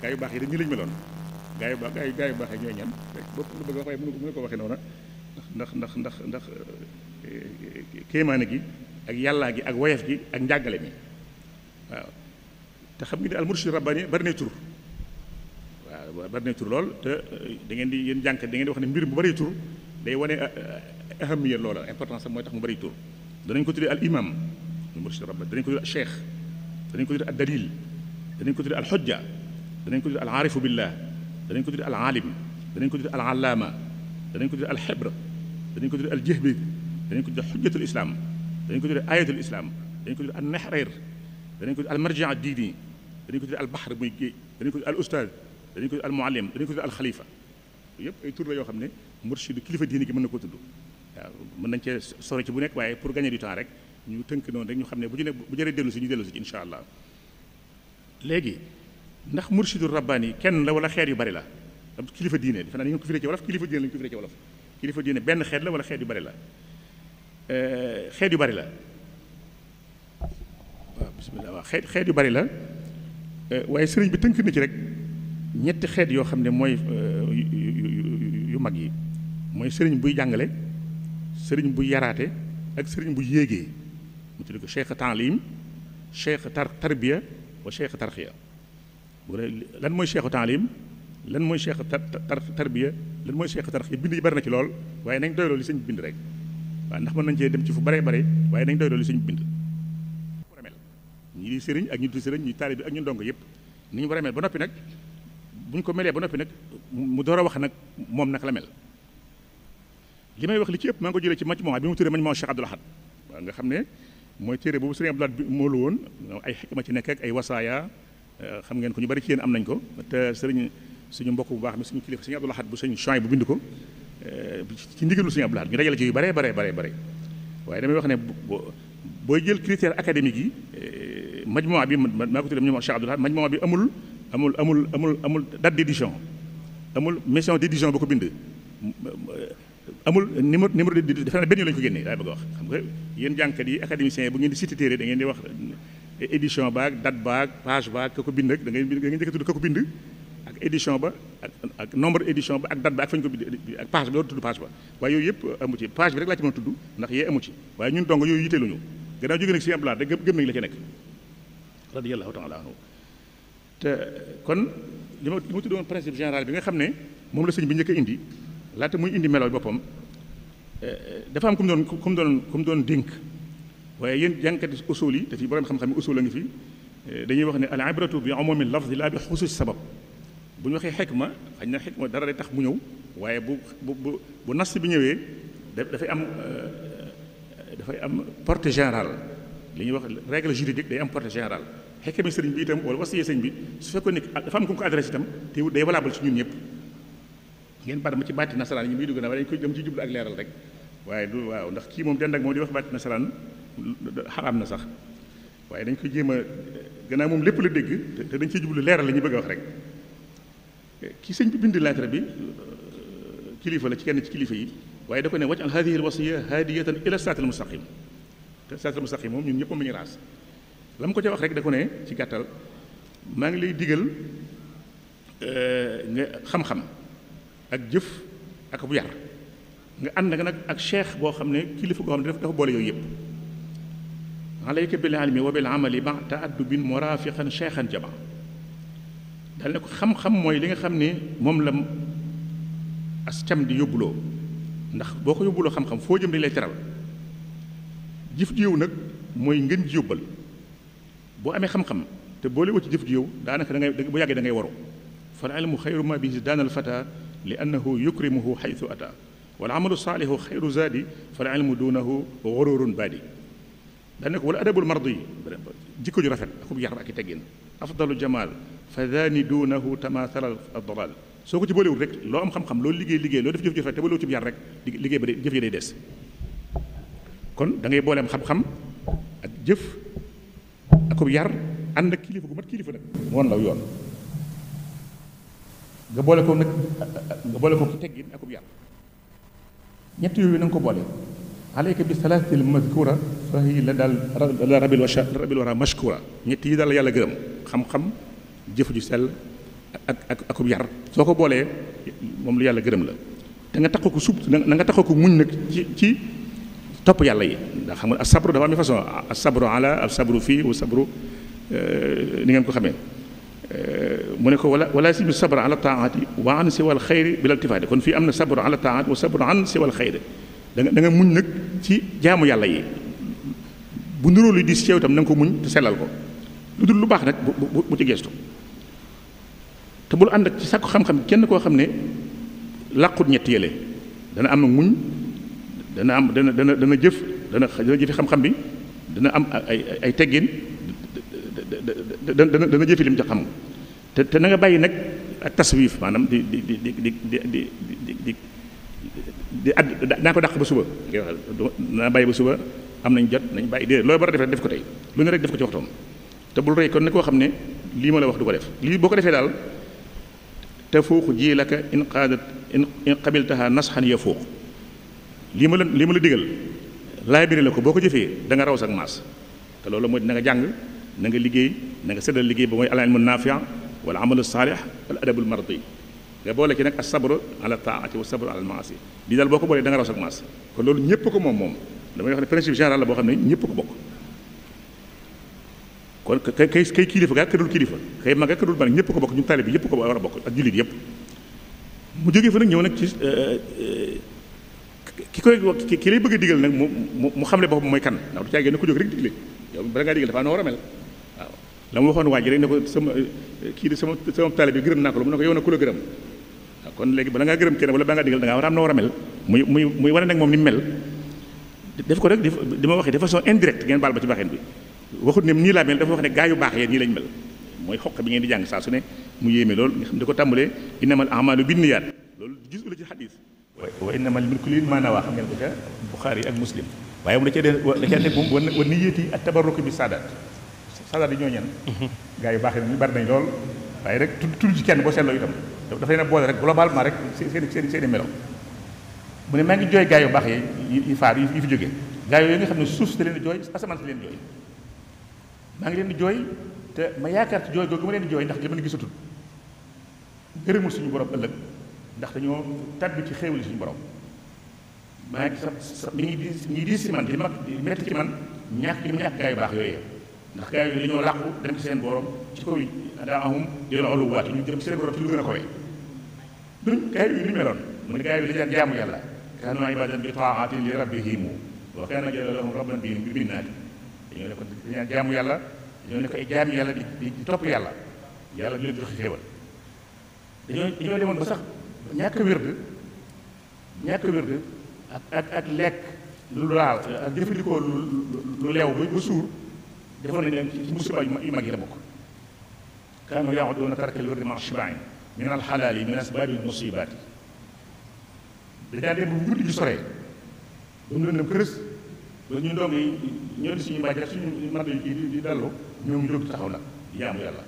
gaa yu baax yi dañ nii lañ meloon gaa yu baax gaa yu gaa baax yi ñooy ñan bopp lu bëgg a wax waaye mënu ko waxee noonu ndax ndax ndax ndax eh, eh, eh, kéemaane gi ak yàllaa gi ak woyef gi ak njàggale mi waaw te xam nga ne almurshid rabbani bari na tur waaw bari na lool te da ngeen di yéen jànk da ngeen di wax ne mbir mu bari tur day wane ahamiya loola importance am mooy tax mu bari tur danañ ko tuddee al imam almurshid rabbani danañ ko tuddee al cheikh danañ ko tuddee al dalil danañ ko tuddee al xujja danañ ko tuddee al aarifu billah danañ ko tuddee al aalim danañ ko tuddee al allaama danañ ko tuddee al xibra danañ ko tuddee al jihbi danañ ko tuddee xujjatul islam danañ ko tuddee ayatul islam danañ ko tuddee al naxreer danañ ko tuddee al marjaa diini dañu ko tuddee al baxar muy géej dañu ko tuddee al ustaaz dañu ko tuddee al muallim dañu ko tuddee al xalifa yëpp ay tur la yoo xam ne murshidu kilifa diini ki mën na ko tudd waaw mën nañ cee sore ci bu nekk waaye pour gagner du temps rek ñu tënk noonu rek ñu xam ne bu ñu ne bu jëree dellu si ñu dellu si incha allah léegi ndax murshidu rabbaani kenn la wala xeet yu bari la kilifa diine defe naa ne ko firee ci wolof kilifa diine lañu ko firee ci wolof kilifa diine benn xeet la wala xeet yu bari la xeet yu xeet yu bari la Euh, waaye sëriñ bi tënk na ci rek ñetti xeet yoo xam ne mooy euh, yu mag yi mooy sëriñ buy jàngale sëriñ bu yaraate ak sëriñ bu yéegee mu tudd ko cheikh taalim cheikh tar tarbiya wa cheikh tarxiya bu lan mooy cheikh taalim lan mooy cheikh tar tarbiya lan mooy cheikh tarxiya bind yi bari na ci lool waaye nañ doyloo li sëñ bind rek waaw ndax mën nañ cee dem ci fu baree bare waaye nañ doyloo li sëñ bind ñi sëriñ ak ñu dul sëriñ ñu taalibe ak ñu ndongo yëpp ni ñu war a mel ba noppi nag bu ñu ko melee ba noppi nag mu door a wax nag moom nag la mel li may wax ci ëpp maa ko jëlee ci majmuwa bi mu tuddee majmuwa Cheikh Abdoul Ahad nga xam ne mooy téere boobu sëriñ Abdoul Ahad bi moo lu woon ay xikma ci nekk ak ay wasaaya euh, xam ngeen ko ñu bari ci yéen am nañ ko te sëriñ suñu mbokk bu baax mi suñu kilifa sëriñ Abdoul Ahad bu sëriñ Chouaïb bu bind ko euh, ci ndigalul sëriñ Abdoul Ahad ñu dajale ci yu baree baree baree waaye damay wax ne booy majmua bi ma maa ko tuddee ñoom Cheikh Abdoulaye majmua bi amul amul amul amul amul date d'édition amul mission d'édition ba ko bind amul numéro numéro d'édition defe naa benn lañu ko génnee daay bëgg wax yi bu ngeen di cité da ngeen di wax eh, édition baag date baag page baag ko bind ak da ngeen da ngeen tudd ko bind ak ba ak ak nombre ak date ba ak fañ ko bind ak a tudd ndax yee amu ci waaye ñun dong yooyu ñu gannaaw jóge nag si ablaat rek gëm nañu la ci nekk radiyallahu taala anhu te kon li ma li ma tuddoon principe général bi nga xam ne moom la sëñ bi njëkk a indi laata muy indi melooy boppam eh, eh, dafa am ku mu doon ku mu doon ku mu doon dénk waaye yéen jànkati usul yi dafii borom xam-xam usul a ngi fi eh, dañuy wax ne al moom bi umumi di laa bi xusuus sabab bu ñu ma xikma xëy na xikma dara day tax mu ñëw waaye bu bu bu nas bi ñëwee dafay am dafay am portée générale li ñuy wax règle juridique day am portée générale xekkami sëriñ bi itam wala wasiyee sëriñ bi su fekkoon ne dafa am ku ko adressé itam te day valable ci ñun ñëpp ngeen baat ma ci baati nasaraan yi muy dugg na wala dañ koy dem ci jublu ak leeral rek waaye du waaw ndax kii moom dend ak moom di wax baati nasaraan na sax waaye dañ koy jéem a gannaaw moom lépp la dégg te dañ ciy jublu leeral la ñu bëgg a wax rek ki sëñ bi bind lettre bi kilifa la ci kenn ci kilifa yi waaye da ko ne waj al hadihi al wasiya hadiyatan ila siraatil mustaqim te siraatal mustaqiim moom ñun ñëpp moom la ñu raas la mu ko ca wax rek da ko ne ci gàttal maa ngi lay diggal euh, nga xam-xam ak jëf ak bu yar nga ànd nga nag ak cheikh boo xam ne kilifa goo xam ne dafa boole yooyu yëpp alayka bil ilmi wa bil amali ba ta'addubin murafiqan cheikhan jama dal ne ko xam-xam mooy li nga xam ne moom la as di yóbbuloo ndax boo ko yóbbuloo xam-xam foo jëm di lay teral jëf jiw nag mooy ngeen ji yóbbal boo amee xam-xam te boolewoo ci jëf jiw daanaka da ngay bu yàggee da ngay waru fal ilmu xayru ma bihi daana al fata li annahu yukrimuhu xaytu ata wal amalu saalihu xayru zaadi fal ilmu duunahu gururun baadi daanaka wala adabul mardi yi jikko ju rafet akub yar ak i teggin afdalu jamaal fa daani duunahu tamaathala ad-dalaal soo ko ci boolewul rek loo am xam-xam loo liggéey liggéey loo def jëf ju rafet te boolewul ci yar rek liggéey ba day jëf yi day des kon dangay ngay booleem xam-xam ak jëf akub yar ànd ak kilifa gu mat kilifa nag moon yoon nga boole ko nag nga boole ko ki teggin akub yar ñett yooyu na ko boole bi salaatil mazkura fa hiya la daal la rabil washa rabil wara mashkura yàlla gërëm xam jëf ju sell ak ak soo ko boolee moom lu yàlla gërëm la te nga tax ko sub na nga tax ko muñ nag ci ci topp yàlla yi ndax xam nga sabru dafa am façon sabru ala ak sabru fii wa sabru euh, ni ngeen ko xamee euh, mu ne ko wala wala si bi sabru ala taati wa an wal xayri bi laltifaati kon fii am na sabru ala taati wa sabru an siwal xayri da nga da nga muñ nag ci jaamu yàlla yi bu nuroo lu diis ci yow itam na ko muñ te sellal ko lu dul lu baax nag bu bu ci geestu te bul ànd ak ci sàkku xam-xam kenn koo xam ne làqut ñett yële dana am muñ dana am dana dana dana jëf dana dana jëfi xam-xam bi dana am ay ay teggin dana dana jëfi lim ca xam te te na nga bàyyi nag ak taswif maanaam di di di di di naa ko dàq ba suba ngay wax naa bàyyi ba suba am nañ jot nañ bàyyi déedéet loolu war a defee def ko tey lu ne rek def ko ci waxtoom te bul rey kon ne koo xam ne lii ma la wax du ko def lii boo ko defee daal te fuuq jii laka in qaadat in qabiltaha nasxan ya fuuq lii ma la lii ma la digal laay biri la ko boo ko jëfee da nga raw sak maas te loolu mooy na nga jàng na nga liggéey na nga seddal liggéey ba mooy al ilmu naafia wala amalu saalih wala adabul mardi nga boole ci nag as sabru ala taati wa sabru lii daal boo ko boolee da nga raw sak kon loolu ñépp ko moom moom damay wax ne principe général la boo xam ne ñépp ko bokk kon kay kay kilifa gaa këdul kilifa kay mag ak këdul mag ñëpp ko bokk ñu taalib bi yëpp ko war bokk ak jullit yëpp mu jógee fa nag ñëw nag euh, euh, ki koy ki lay bëgg a digal nag mu mu xam ne boppam mooy kan ndax du caagee na ko jóg rek digle yow bala ngaa digal dafa a mel waaw waa ji rek ne ko kii di sama sama taale bi gërëm naa ko lu ko yow na ku kon léegi bala ngaa gërëm kenn wala bala ngaa digal da a am na war a mel muy muy muy nag moom ni mu mel def ko rek di ma waxee de façon indirecte ngeen baal ba ci baxeen bi waxut ne nii laa mel dafa wax ne gaa yu baax yéen nii lañ mel mooy xoq bi ngeen di jàng saa su ne mu yéeme loolu nga xam di ko tàmbalee innamal amalu binniyaat loolu gis la ci xadis wa innamal mulku liman maa nawaa xam ngeen ko ca Buxaari ak Muslim waaye mu da cee de da cee teg moom wa niyyati ak tabarruki bi saadaat saadaat mhm. gaa yu baax yi bari nañ lool waaye rek tudd tudd ci kenn boo seetloo itam dafa leen a boole rek globalement rek seen seen seen i melo mu ne maa ngi jooy gaa yu baax yi yi faar yi fi jóge gaa yooyu nga xam ne suuf si leen di jooy asamaan si leen jooy maa ngi leen di jooy te ma yaakaar ci jooy googu ma leen di jooy ndax li ma leen gisatul gërëmul suñu borom ëllëg ndax dañoo bi ci xéewali suñu borom maa ngi sa li ñuy diis diis ci man di mag di métti ci man ñàkk ma mu ñàkk gaa yu baax yooyee ndax gaa yooyu dañoo làqu dem ci seen borom ci kaw yi daa amum jël olu waat ñu jëm ci seen borom ci lu gën a koy duñ gaa ne gaa yàlla kaanu ibadan bi taatin li rabbihim wa kaana jalla lahum rabban bihim bi binnaati dañoo nekkoon dañu jaamu yàlla dañoo nekk ay jaamu yàlla di di topp yàlla yàlla di leen joxe xéewal dañoo demoon ba sax ñàkk wird ñàkk wird ak ak lekk lu laal ak jëfandikoo lu leew ba suur defoon nañ leen ci musiba yu mag yi la bokk kaanu yaaduuna tarkal wirdi ma shibaain min al xalaali min asbaabil musibaati dañaa taxaw nag yaamu yàlla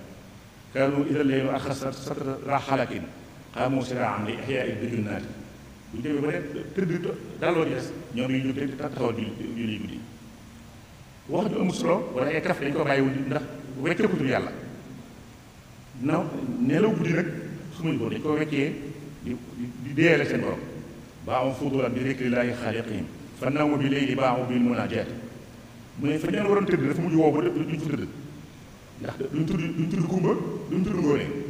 kaanu idal laylu axasat satra xalakin xaamoo si daa am li axyaa it bidu naati bu ñu demee ba ne tëdd dalloo ji des ñoom yi ñu tëdd taxawal julli guddi wax ju amul solo wala ay kaf dañ ko wu ndax wecceekutul yàlla na nelaw guddi nag xamuñ ko dañ ko weccee di di deele seen borom baa am fudulan bi dikrillaahi xaaliqihim fa nawmu bi layli baa a bil munaajaat mu ne fa ñeen waroon tëdd dafa mujj woo ba duñ tëdd ndax duñ tudd duñ tudd kumba duñ tudd ngóone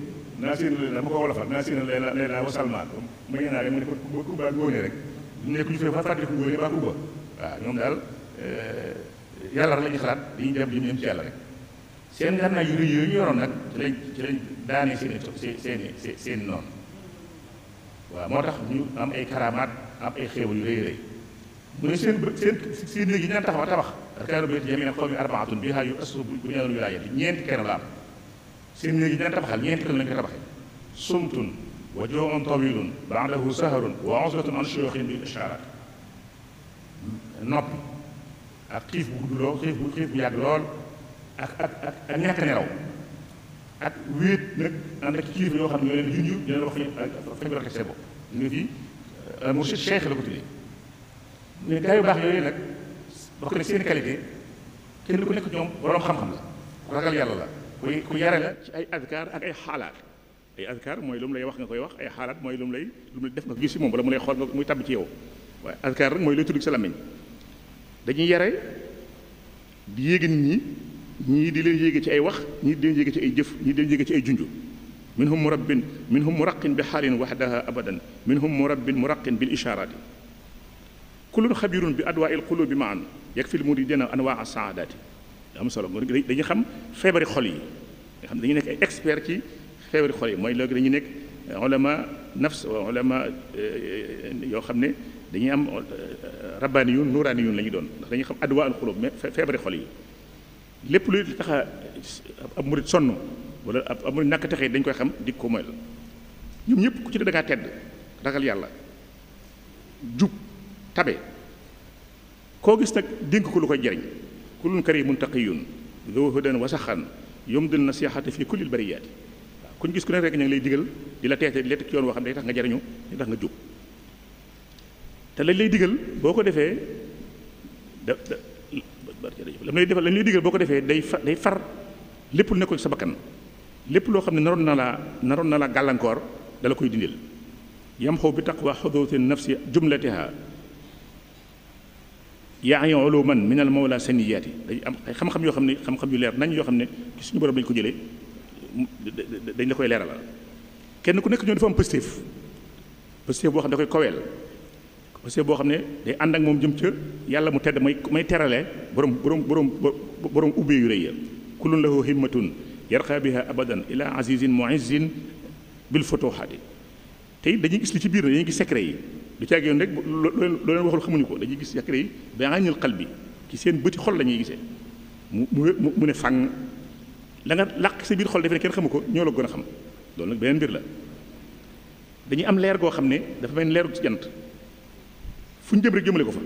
naasina leen dama ko wolofal naasina leen la wa salmaan mu ne naa rek mu ne ko kubba ak góone rek nekk eh, ñu fee fa fàttaliku góone xalaat dañuy dem rek seen gànnaay yu rëy yooyu seen seen i seen moo tax ñu am ay karamaat am ay xéewal yu rëy rëy mu ne seen seen seen néeg yi ñu daan a tabax. arkaanu bayti jamii'an qawmi arbaatun yu asru bu ñaaru wilaayati ñeenti kenn la am. seen néeg yi daan tabaxal ñeenti kër lañ ko tabaxee sumtun wa joon tawilun baadahu saharun wa usratun an shuyuxin bil isharat noppi ak xiif bu gudd lool xiif bu xiif bu yàgg lool ak ak ak ak ñàkk nelaw ak wéet nag ànd ak kilifa yoo xam ne ñoo leen junj euh, baax yooyu nag wax ko ne seen qualité kenn ku nekk ñoom borom xam-xam la ragal yàlla la ku ku yare la ci ay adkaar ak ay xaalaat ay adkaar mooy lu mu lay wax nga koy wax ay xaalaat mooy lu mu lay lu mu def nga ko gis si moom wala mu lay xool nga muy tàbb ci yow waaye adkaar rek mooy lay tudd sa làmmiñ dañuy yare di yéege nit ñii di leen yéege ci ay wax ñii di leen yéege ci ay jëf ñii di leen yéege ci ay junju minhum murabbin minhum muraqin bi xaalin waxdaha abadan minhum murabbin muraqin bil ishaaraati kullun xabirun bi adwaa ma qulubi maan yakfil muridina anwaa saadaati am solo mooy dañuy xam feebari xol yi nga xam dañuy nekk ay expert ci feebari xol yi mooy léegi dañuy nekk ulama nafs ulama euh, yoo xam ne dañuy am euh, rabbaani yun nuuraani yun la ñu doon ndax dañuy xam adwa al xulub mais feebari xol yi lépp luy tax a ab murit sonn wala ab murit nàkk texee dañ koy xam di ko moyal ñoom ñëpp ku ci ne da ngaa tedd ragal yàlla jub tabe koo gis nag dénk ko lu koy jariñ yi kullun karimun taqiyun dhu hudan wa saxan yumdil nasihata fi kullil bariyaati waaw kuñ gis ku ne rek ña ngi lay digal di la teete di la teg ci yoon woo xam ne day tax nga jariñu day tax nga jóg te lañ lay digal boo ko defee da da lam lay defal boo ko defee day fa day far lépp lu nekkoon sa bakkan lépp loo xam ne naroon na laa naroon na laa gàllankoor dala koy dindil yam xaw bi taqwa xuduuti nafsi jumlatiha yaa yaani uluman min al mawla saniyaati dañu am ay xam-xam yoo xam ne xam-xam yu leer nañ yoo xam ne ci suñu borom lañ ko jëlee dañ la koy leeralal kenn ku nekk ñoo dafa am positif positif boo xam ne da koy koweel positif boo xam ne day ànd ak moom jëm ca yàlla mu tedd may may terale borom borom borom borom ubbee yu rëy ya kullun lahu himmatun yarqa biha abadan ila azizin muizzin bil futuhaati te it dañuy gis li ci biir na dañuy gis secret du caag yoon rek loo leen waxul xamuñu ko dañuy gis yàkkare yi baañul xal bi ci seen bëti xol la ñuy gisee mu mu ne fàng la nga làq sa biir xol defe ne kenn xamu ko ñoo la gën a xam loolu nag beneen mbir la dañuy am leer goo xam ne dafa mel leeru ci jant fu ñu jëm ko fa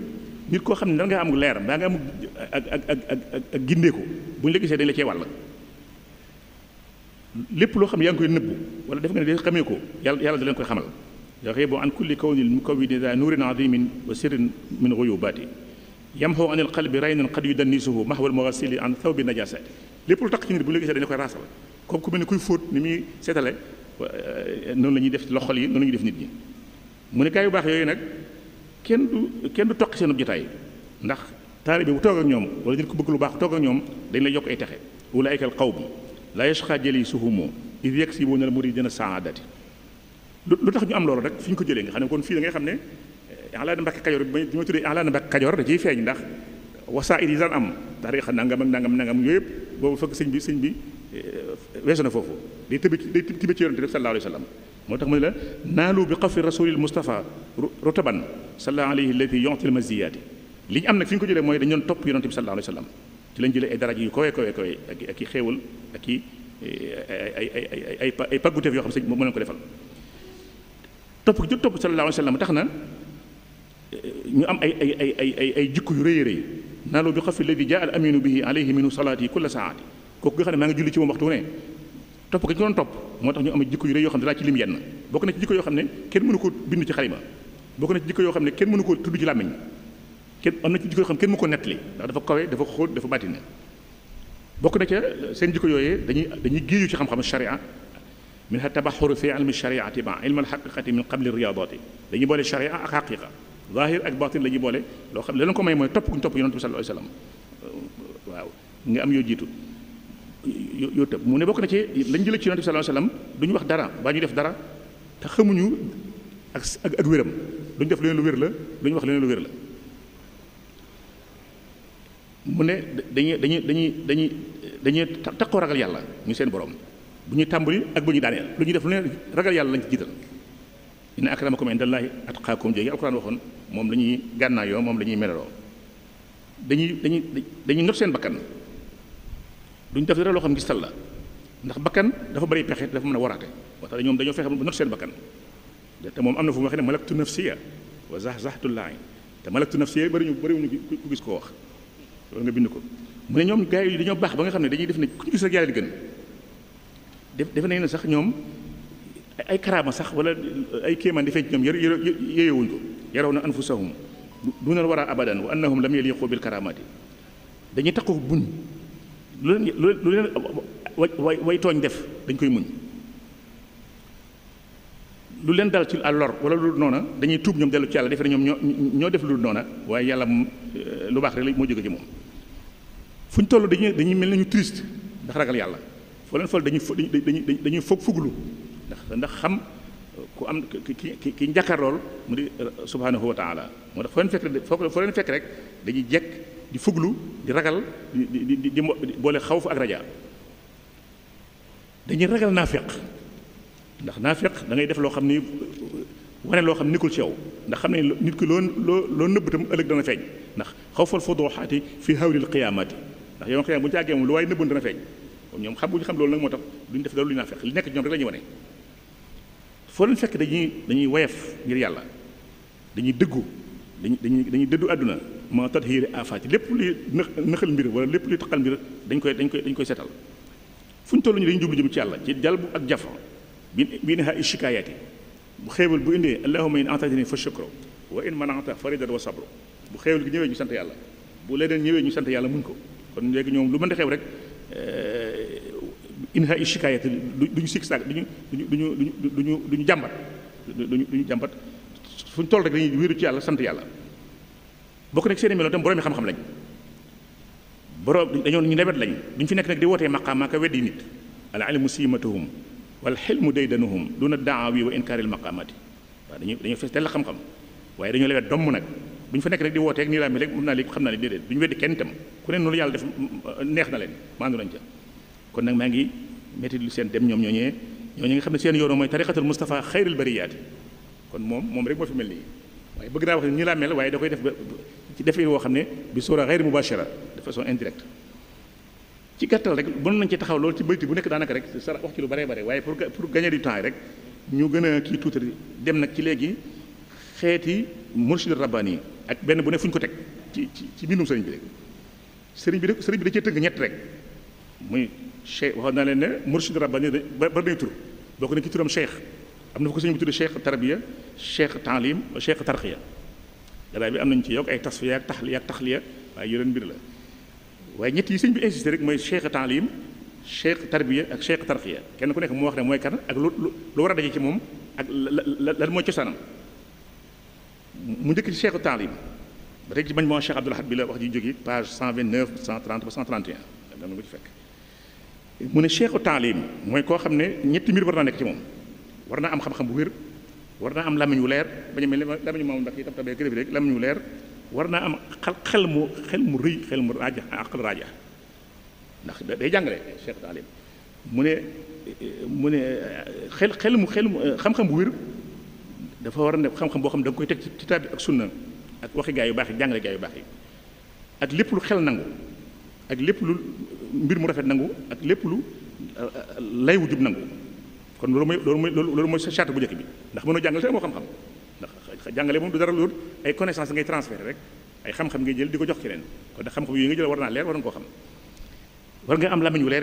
nit koo xam ne nan nga am leer mbaa nga am ak ak ak ak gindeeku bu ñu la gisee dañ la wàll lépp loo xam ne yaa ngi koy nëbbu wala def nga ne de xamee ko yàlla yàlla da koy xamal yaxibu an kulli kawnil mukawwini daa nuurin adimin wa sirrin min guyubaati yamxu an il qalbi raynan qad yudannisuhu mahwal mughasili an thawbi najasa lépp lu tax ci nit bu la gisee dañu koy raasal comme ku mel ni kuy fóot ni muy seetale noonu la ñuy def ci loxol yi noonu la def nit ñi mu ne gaa yu baax yooyu nag kenn du kenn du toqi seen jotaay ndax taalibe bu toog ak ñoom wala nit ku bëgg lu baax toog ñoom dañ la yokk ay texe ulaayika al qawmu laa yashqa jalisuhumu id yaksibuuna al muridina saadati lu tax ñu am loolu rek fi ñu ko jëlee nga xam ne kon fii da ngay ne alaana Mbàkke Kajoor bi ma tuddee alaana Mbàkke Kajoor da ciy feeñ ndax wasaa'id yi daan am tariixa nangam ak nangam nangam yooyu yëpp boobu fekk sëñ bi sëñ bi weesu na foofu day tëbi day tibe ci yonente bi sallallahu alayhi wa sallam moo tax mu ne la naalu bi xaw xafri rasulil Mustafa rutaban sallallahu alayhi allati yu'til maziyati li ñu am nag fi ñu ko jëlee mooy dañu doon topp yonente bi sallallahu alayhi wa sallam ci lañ jëlee ay daraja yu kawee kawee kawee ak i i ay ay ay ay ay pagguteef yoo xam sëñ moom leen ko defal topp gi ñu topp sallallahu alayhi wa sallam tax na ñu am ay ay ay ay ay ay jikko yu rëy rëy naaloo bi xafi ladi jaa al aminu bihi alayhi minu salaati kulla saati kooku nga xam ne maa ngi julli ci moom waxtu wu ne topp ga ñu ko doon topp moo tax ñu am ay jikko yu rëy yoo xam ne dalaa ci lim yenn bokk na yoo xam ne kenn mënu ko bind ci xalima bokk na ci jikko yoo xam ne kenn mënu ko tudd ci làmmiñ kenn am na ci jikko yoo xam kenn mënu ko nettali ndax dafa kawe dafa xóot dafa bàttine bokk na ca seen jikko yooyee dañuy dañuy géeju ci xam-xam sharia min xa tabaxuru fi ilmi shariati ma ilmi alxaqiqati min qabli riyadati dañuy boole sharia ak xaqiqa zahir ak batin la ñuy boole loo xam ne leen ko may mooy topp guñ topp yonent bi sallallahu alayhi wasallam waaw nga am yoo jiitu yoo tëb mu ne bokk na ci lañ jëlee ci yonent bi sallallahu alayhi wasallam du ñu wax dara baa ñu def dara te xamuñu ak ak wéram duñ def leneen lu wér la duñ wax leneen lu wér la mu ne dañuy dañuy dañuy dañuy dañuy takkoo ragal yàlla ñu seen borom bu ñu tàmbali ak bu ñu daaneel lu ñuy def lu ne ragal yàlla lañ ci jiital inna akramakum indallahi atqaakum ko alquran waxoon moom la ñuy gànnaayoo moom la ñuy meleroo dañuy dañuy dañuy not seen bakkan duñ def dara loo xam gis tal la ndax bakkan dafa bëri pexe dafa mën a waraate moo tax ñoom dañoo fexe ba not seen bakkan te moom am na fu mu waxee ne malaktu nafsiya wa zahzahtu laain te malaktu nafsiya bari ñu bëriwuñu ku gis koo wax loolu nga ko mu ñoom gars yi dañoo baax ba nga xam ne dañuy def ne ku ñu def defe nañ ne sax ñoom ay karaama sax wala ay kéemaan defee ci ñoom yë yëyewuñ ko yaraw na anfusahum dunal war a abadan wa annahum lam yaliqu bil karaamaati dañuy takku buñ lu leen lu leen way way tooñ def dañ koy muñ lu leen dal ci àllor wala lu noona dañuy tuub ñoom dellu ci yàlla defe ne ñoom ñoo ñoo def lu noona waaye yàlla eh, lu baax rek moo jóge ci moom fu ñu toll dañuy dañuy mel ni ñu triste ndax ragal yàlla boo leen fol dañuy dañuy dañuy foog fuglu ndax ndax xam ku am ki ki ki njàkkaar lool mu di euh, subhanahu wa taala moo tax foo leen fekk rek foo leen fekk rek dañuy jekk di fuglu di ragal di di di di boole xawf ak raja dañuy ragal naafeq ndax naafeq da ngay def loo xam ni wane loo xam nekkul ci yow ndax xam ne nit ki loo loo loo nëbb tam ëllëg dana feeñ ndax xaw fal foo doo xaati fii hawlil qiyaamati ndax yow xiyaam bu ñu ci àggee moom lu waaye nëbboon dana feeñ ñoom xam bu ñu xam loolu nag moo tax duñ def dara lu ñu naa fekk li nekk ñoom rek la ñuy wane foo leen fekk dañuy dañuy woyef ngir yàlla dañuy dëggu dañuy dañuy dañuy dëddu àdduna ma tathiiri afaati lépp luy nëxal mbir wala lépp luy taqal mbir dañ koy dañ koy dañ koy seetal fu ñu toll ñu dañuy jublu jëm ci yàlla ci jal bu ak jafa bi bii nehaa i shikaayaati bu xéewal bu indee allahumma in atatini fa shukro wa in manata faridat wa sabro bu xéewal gi ñëwee ñu sant yàlla bu leneen ñëwee ñu sant yàlla muñ ko kon léegi ñoom lu mën di rek Euh, inha i shikaayati du ñu sikk saak duñu duñu duñu duñu duñu jàmbat duñu duñu jàmbat suñ toll rek dañuy wéeru ci yàlla sant yàlla bokk nag seeni meloon tam boroomi xam-xam lañ borom dañoo ñu lewet lañ duñ fi nekk nag di wootee maqaama ka nit al ilmu siimatuhum wal xilmu daydanuhum duna daawi wa inkaaril maqaamaati waaw dañuy dañoo fees dell xam-xam waaye dañoo lewet domm nag bu ñu fa nekk rek di wooteeg nii laa mel rek mun naa léegi xam naa ne déedéet du ñu weddi kenn itam ku ne noonu yàlla def neex na leen maa ngi métti lu seen dem ñoom ñooñee ñooñu nga xam ne seen yoonu mooy tariqatul Mustafa xayril bariyaati kon moom moom rek moo fi mel nii waaye bëgg naa wax nii laa mel waaye da koy def ci defee woo xam ne bi sura xayri mubashara de façon indirecte ci gàttal rek mën nañ ci taxaw loolu ci bayti bu nekk daanaka rek sa wax ci bare bare waaye pour pour gagner du temps rek ñu gën a kii tuuti dem nag ci léegi xeeti mursid rabbani ak benn bu ne fu ñu ko teg ci ci ci mbindum sëriñ bi rek sëriñ bi rek sëriñ bi da cee tënk ñett rek muy cheikh waxoon naa leen ne mursid rabbani ba ba nañu tur bokk na ci turam cheikh am na fa ko sëriñ bi tudde cheikh tarbiya cheikh taalim cheikh tarqiya bi am nañu ci yokk ay tasfiya ak taxliya ak taxliya waaye yeneen mbir la waaye ñett yi sëriñ bi insisté rek mooy cheikh taalim cheikh tarbiya ak cheikh tarqiya kenn ku nekk moo wax ne mooy kan ak lu lu war a daje ci moom ak la la la mooy cosaanam mu njëkk ci cheikhu taalim ba tey ci bañ moom cheikh Abdoul Ahad bi la wax ji jóge page 129 130 ba 131 dana ko ci fekk mu ne cheikhu taalim mooy koo xam ne ñetti mbir war naa nekk ci moom war naa am xam bu wér war naa am lamiñ wu leer bañu mel lamiñ moom ndax itam tabee kërëbi rek lamiñ wu leer war naa am xel xel mu xel mu rëy xel mu raaja aqal raaja ndax day jàngale cheikhu taalim mu ne mu ne xel xel mu xel mu xam-xam bu wér dafa war a ne xam-xam boo xam da nga koy teg ci kitaab bi ak sunna ak waxi gaa yu baax yi jàngale gaa yu baax yi ak lépp lu xel nangu ak lépp lu mbir mu rafet nangu ak lépp lu euh, lay wu jub nangu kon loolu mooy loolu mooy loolu mooy charte bu njëkk bi ndax mënoo jàngale te amoo xam-xam ndax jàngale moom du dara loolu ay connaissance ngay transféré rek ay xam-xam ngay jël di ko jox keneen kon ndax xam-xam yooyu nga jël war naa leer war nga koo xam war nga am lamiñ wu leer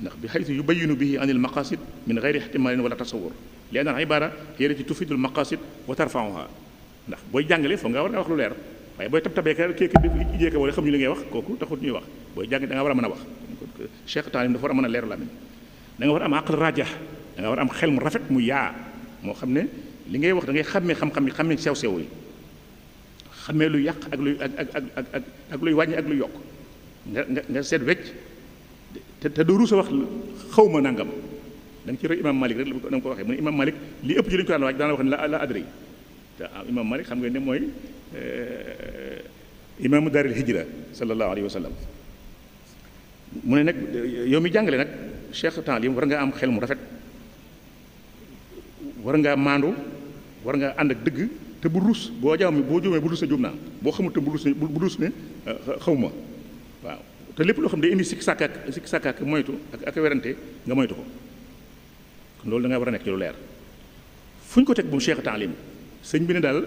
ndax bi xaytu yubayinu bihi anil maqasid min gayri ihtimalin wala tasawur li anna al ibara hiya allati tufidu al maqasid wa tarfauha ndax booy jàngale foog nga war nga wax lu leer waaye booy tab-tabee ka kii jéeka wala xam ñu li ngay wax kooku taxut ñuy wax booy jàng da nga war a mën a wax cheikh taalim dafa war a mën a leer làmmiñ da nga war a am aqal raja am xel mu rafet mu yaa moo xam ne li ngay wax da ngay xàmmee xam-xam yi xàmmee sew-sew yi xàmmee lu yàq ak luy ak ak ak ak luy wàññi ak lu yokk nga nga seet wecc te te doo ruus a wax xaw ma nangam da ci roy imam malik rek la ko waxee mu ne malik li ëpp ci li ñu ko daan waaj daana wax ne la la adri te ah, imam malik xam nga ne mooy eh, imaamu daaril hijra sallallahu alayhi wa sallam mu ne nag yow mi jàngale nag cheikh temps war ngaa am xel mu rafet war ngaa maandu war ngaa ànd ak dëgg te bu ruus boo jaam boo juumee bu ruus ne juum naa boo xamul te bu ruus ne eh, xaw ma waaw te lépp loo xam ne day indi sikki sàkk ak sikki sàkk ak moytu ak ak werante nga moytu ko loolu da nga war a nekk ci leer fu ñu ko teg bu cheikh taalim sëñ bi ne daal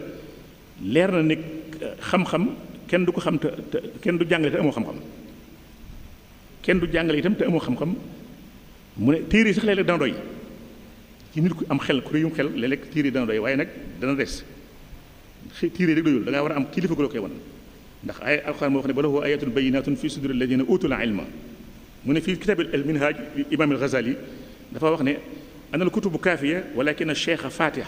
leer na ne euh, xam-xam kenn du ko xam te kenn du jàngale te amoo xam-xam kenn du jàngale itam te amoo mu ne téere sax léeg-léeg dana doy ci nit ku am xel ku réyum xel léeg-léeg téere dana doy waaye nag dana des téere rek doyul da ngaa war a am kilifa ku la koy wan ndax ay alxuraan moo wax ne bala huwa ayatun bayinatun fi suduri alladina utul ilma mu ne fii kitabil minhaj imam al ghazali dafa wax ne ana al kutubu kaafiya walakin a cheikh fatiha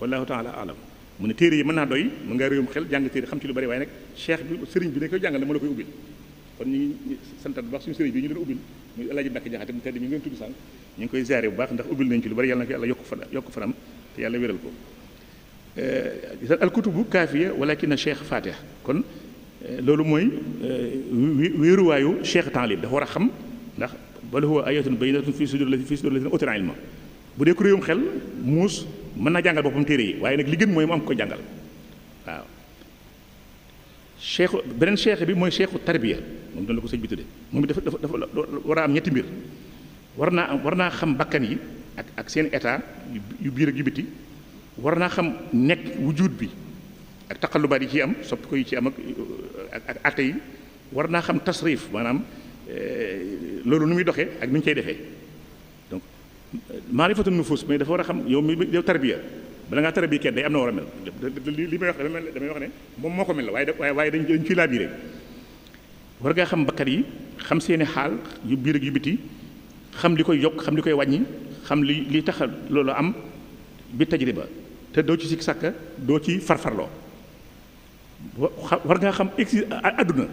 wallahu taala alam mu ne téere yi mën naa doy mën ngaa réewum xel jàng téere xam ci lu bari waaye nag cheikh bi sëriñ bi ne koy jàngal moo la koy ubbil bu baax suñu sëriñ bi ñu leen ubbil muy alaaji Mbàkke jaxate mu tedd mi ngi leen tudd sànq ñu ngi koy ziare bu baax ndax ubbil nañu ci lu bari yàlla na ko yàlla yokk fan yokk fanam te yàlla wéral ko eh, al kutubu kaafiya walakin cheikh fatiha kon eh, loolu mooy eh, wéeruwaayu cheikh taalib dafa war a xam ndax bal huwa fii bayyinatun fi sudur fi sudur lazina utul ilma bu dee kuréelum xel muus mën naa jàngal boppam téere yi waaye nag li gën mooy mu am ko jàngal waaw cheikh beneen cheikh bi mooy cheikhu tarbiya moom doon la ko sëñ bi tudde moom it dafa dafa war a am ñetti mbir war naa war naa xam bakkan yi ak ak seen état yu biir ak yu biti war naa xam nekk wujud bi ak taqalubaat yi ci am sopp ko yi ci am ak ak atte yi war naa xam tasrif maanaam Euh, loolu nu muy doxee ak nu ñu koy defee donc maarifatu foos mais dafa war a xam yow mi yow tarbiya bala ngaa tarbiya kenn day am na war a mel li may wax damay wax ne moom moo ko mel la waaye waaye dañ ciy laabiré war ngaa xam bakkat yi xam seeni xaal yu biir ak yu biti xam li koy yokk xam li koy wàññi xam li li tax loolu am bi tajriba te doo ci sikk sàkka doo ci farfarloo war ngaa xam exi àdduna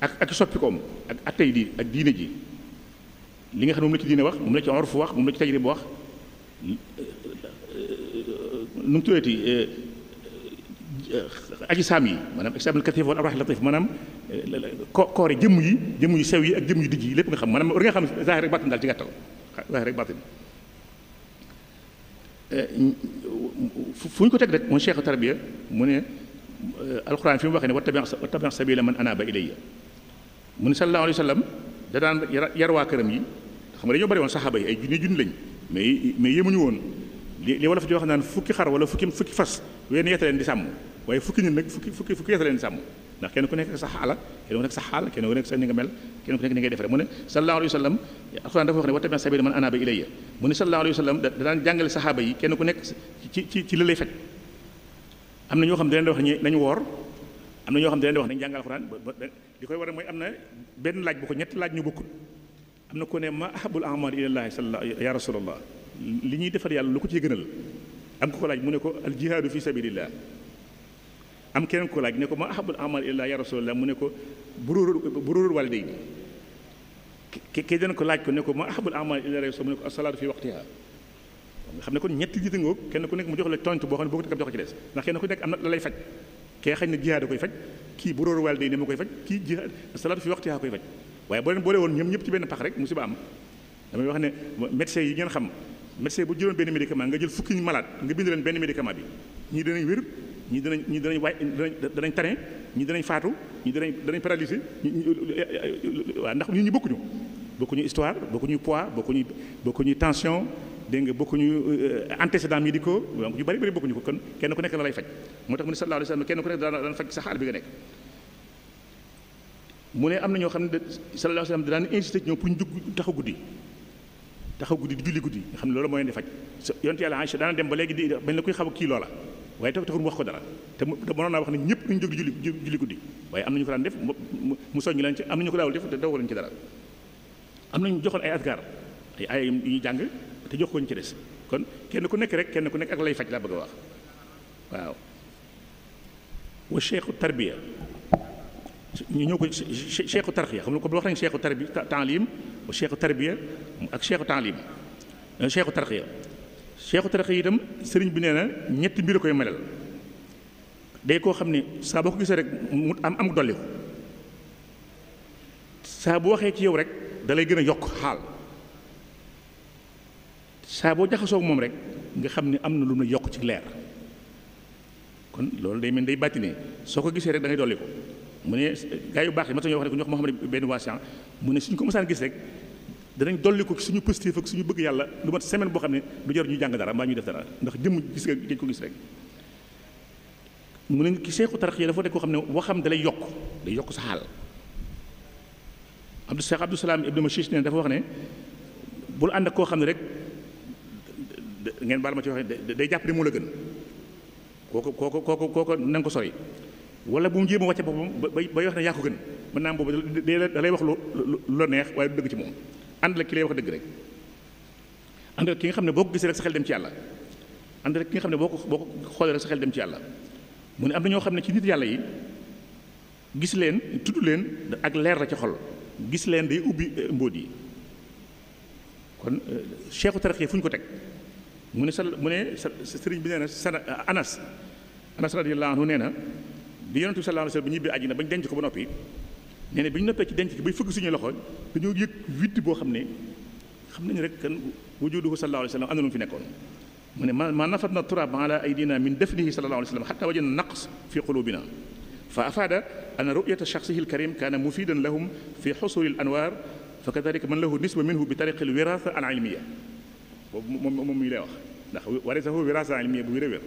ak ak soppikoom ak attey di ak diine ji li nga xam ne moom la ci diine wax moom la ci orfu wax moom la ci tajriba wax euh, nu mu tuddati euh, aji saam yi maanaam examen katif wala arwax latif maanaam euh, ko koore jëmm yi jëmm yu sew yi ak jëmm yu dijj yi lépp nga xam maanaam war nga xam zahir rek baatin daal ci gàttal zahir rek baatin fu ñu ko teg rek mooy cheikh tarbiya mu ne alquran fi mu waxee ne wattabi' wattabi' sabila man anaba ilayya mu ne sallallahu alayhi wa sallam da daan waa këram yi xam nga dañoo bari woon saxaaba yi ay junni junni lañ mais mais woon li li wolof wax naan fukki xar wala fukki fukki fas wenn yeta leen di sàmm fukki nit nag fukki fukki fukki yeta leen kenn ku nekk sa xaala kenn ku nekk sa xaal kenn ku sa ni nga mel kenn ku nekk ni ngay def rek mu ne sallallahu alayhi wa wax ne wa tabi sabila man anaba ilayya mu ne sallallahu alayhi wa sallam da daan jàngale saxaaba yi kenn ku nekk ci ci ci fekk am na ñoo xam ne dañ wax nañu woor am na ñoo xam ne dañuy wax nañ jàngal alxuraan li koy waral mooy am na benn laaj bu ko ñett laaj ñu bokkut am na ku ne ma ahabul amal ilallahi sala ya rasulallah li ñuy defal yàlla lu ko ciy gënal am ku ko laaj mu ne ko al fi sabilillah am ku ko laaj ne ko ma ahabul amal ilallah ya mu ne ko buruurul buruurul waliday bi kii dana ko laaj ko ne ko ma ahabul amal illa rasul mu ne ko asalaatu fi waqtiha nga xam ne ku nekk mu jox la tontu boo xam ne boo ko jox ci des ndax kenn ku nekk am na la lay faj kee xañ na jihaad koy faj kii bu róor wàll day ni ma koy faj kii jihaad salaatu fi waxtihaa koy faj waaye boo leen boole woon ñoom ñëpp ci benn pax rek musiba am damay wax ne médecin yi ngeen xam médecin bu jëloon benn médicament nga jël fukki ñu malade nga bind leen benn médicament bi ñii danañ wér ñii danañ ñii danañ waay danañ tane ñii danañ faatu ñii danañ danañ paralysé waaw ndax ñun ñu bokkuñu bokkuñu histoire bokkuñu poids bokkuñu bokkuñu tension dégg nga bokkuñu euh, di ko donc ñu bari bari bokkuñu ko kon kenn ku nekk la lay faj moo tax mu ne sallallahu alayhi wa sallam ku nekk daan daan faj sa xaal bi nga nekk mu ne am na ñoo xam ne sallallahu alayhi wa sallam daan insisté ñu jug taxaw guddi taxaw guddi guddi xam loolu moo leen faj yonte yàlla Aïcha daana dem ba léegi di bañ la kuy xaw a kii loola waaye tax taxul mu wax ko dara te mënoon naa wax ne ñëpp duñu jóg di julli julli waaye am nañu ko daan def mu soññi leen ci am ñu ko daawul def te dawaluñ ci dara am nañu joxoon ay asgar ay ay yu ñuy jàng te jox ko ñu ci des kon kenn ku nekk rek kenn ku nekk ak lay faj laa bëgg a wax waaw wa cheikhu tarbiya ñu ñëw ko cheikhu tarxiya xam nga ko bu wax nañ cheikhu tarbi taalim wa cheikhu tarbiya ak cheikhu taalim euh, tarxiya itam sëriñ bi nee na ñetti mbir koy melal day koo xam ne saa boo ko gisee rek mu am am dolli ko saa bu waxee ci yow rek dalay gën a yokk xaal saa boo jaxasoo moom rek nga xam ne am na lu mu yokk ci leer kon loolu day mel day bàttine soo ko gisee rek da ngay dolli ko mu ne gaa yu baax yi ma tax ñoo wax ne ko ñoo xam ne benn waasiyan mu ne ko mësaan gis rek danañ dolli ko suñu positif ak suñu bëgg yàlla lu mat semaine boo xam ne du jar ñu jàng dara mbaa ñuy def dara ndax jëmm gis rek mu ne ki seexu tarax yi dafa nekk xam ne waxam dalay yokk day yokk sa xaal Abdou Cheikh Abdou Salam Ibn Machiche ne dafa wax ne bul ànd ak koo xam ne rek ngeen baal ma ci wax day jàpp ne moo la gën kooku koo kooku kooku na nga ko sori wala bu mu jéem a wàcce boppam bay bay wax ne yaa ko gën mën naa am boobu da lay wax lu la neex waaye du dëgg ci moom ànd la ki lay wax dëgg rek ànd rek ki nga xam ne boo ko gisee rek sa xel dem ci yàlla ànd rek ki nga xam ne boo ko boo ko xoolee rek sa xel dem ci yàlla mu ne am na ñoo xam ne ci nit yàlla yi gis leen tudd leen ak leer la ci xol gis leen day ubbi eh, mbóot yi kon eh, ko teg mu ne sa mu ne sëriñ bi nee na sa anas anas radiyallahu anhu nee na bi yonent bi sallallahu alayhi wasallam bi ñibbi àjjana ba ñu denc ko ba noppi nee na bi ñu noppee ci denc ko bay fëgg suñu loxo dañoo yëg witt boo xam ne xam nañu rek kan wujuduhu sallallahu alayhi wasallam am na lu fi nekkoon mu ne ma ma nafat na turab ala aydina min dafnihi sallallahu alayhi wasallam hatta wajadna naqs fi qulubina fa afaada an ru'yata shakhsihi al-karim kaana mufidan lahum fi husuli al-anwar fa kadhalika man lahu nisba minhu bi tariqi al-wirasa al-ilmiya boobu moom moom mi lay wax ndax a sax foofu wiraasaal ilmiya bu wér a wér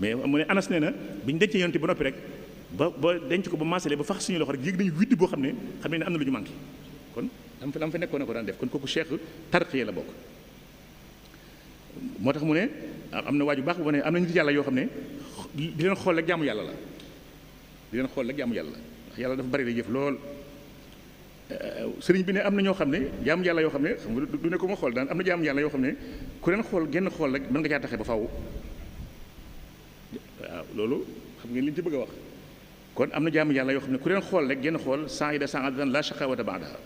mais mu ne anas nee bi ñu dencee yonte ba noppi rek ba ba denc ko ba maasale ba fax suñu loxo rek yëg nañu widdi boo xam ne xam ne ne am na lu ñu manqué kon dama fa dama fa nekkoon ko daan def kon kooku cheikh tarqiya la bokk moo mu ne am na waaju baax bu ne am na nit yàlla yoo xam ne di leen xool rek jàmm yàlla la di leen xool rek jaamu yàlla la yàlla dafa bari la jëf lool Euh, sëriñ bi ne am na ñoo xam ne jaam yàlla yoo xam ne xam ne ko xool daan am na jaam yàlla yoo xam ne ku leen xool genn xool rek mën nga caa taxe ba faw waaw loolu xam ngeen li ci bëgg a wax kon am na jaam yàlla yoo xam ne ku leen xool rek genn xool sans ida a adan la shaqawata baadaha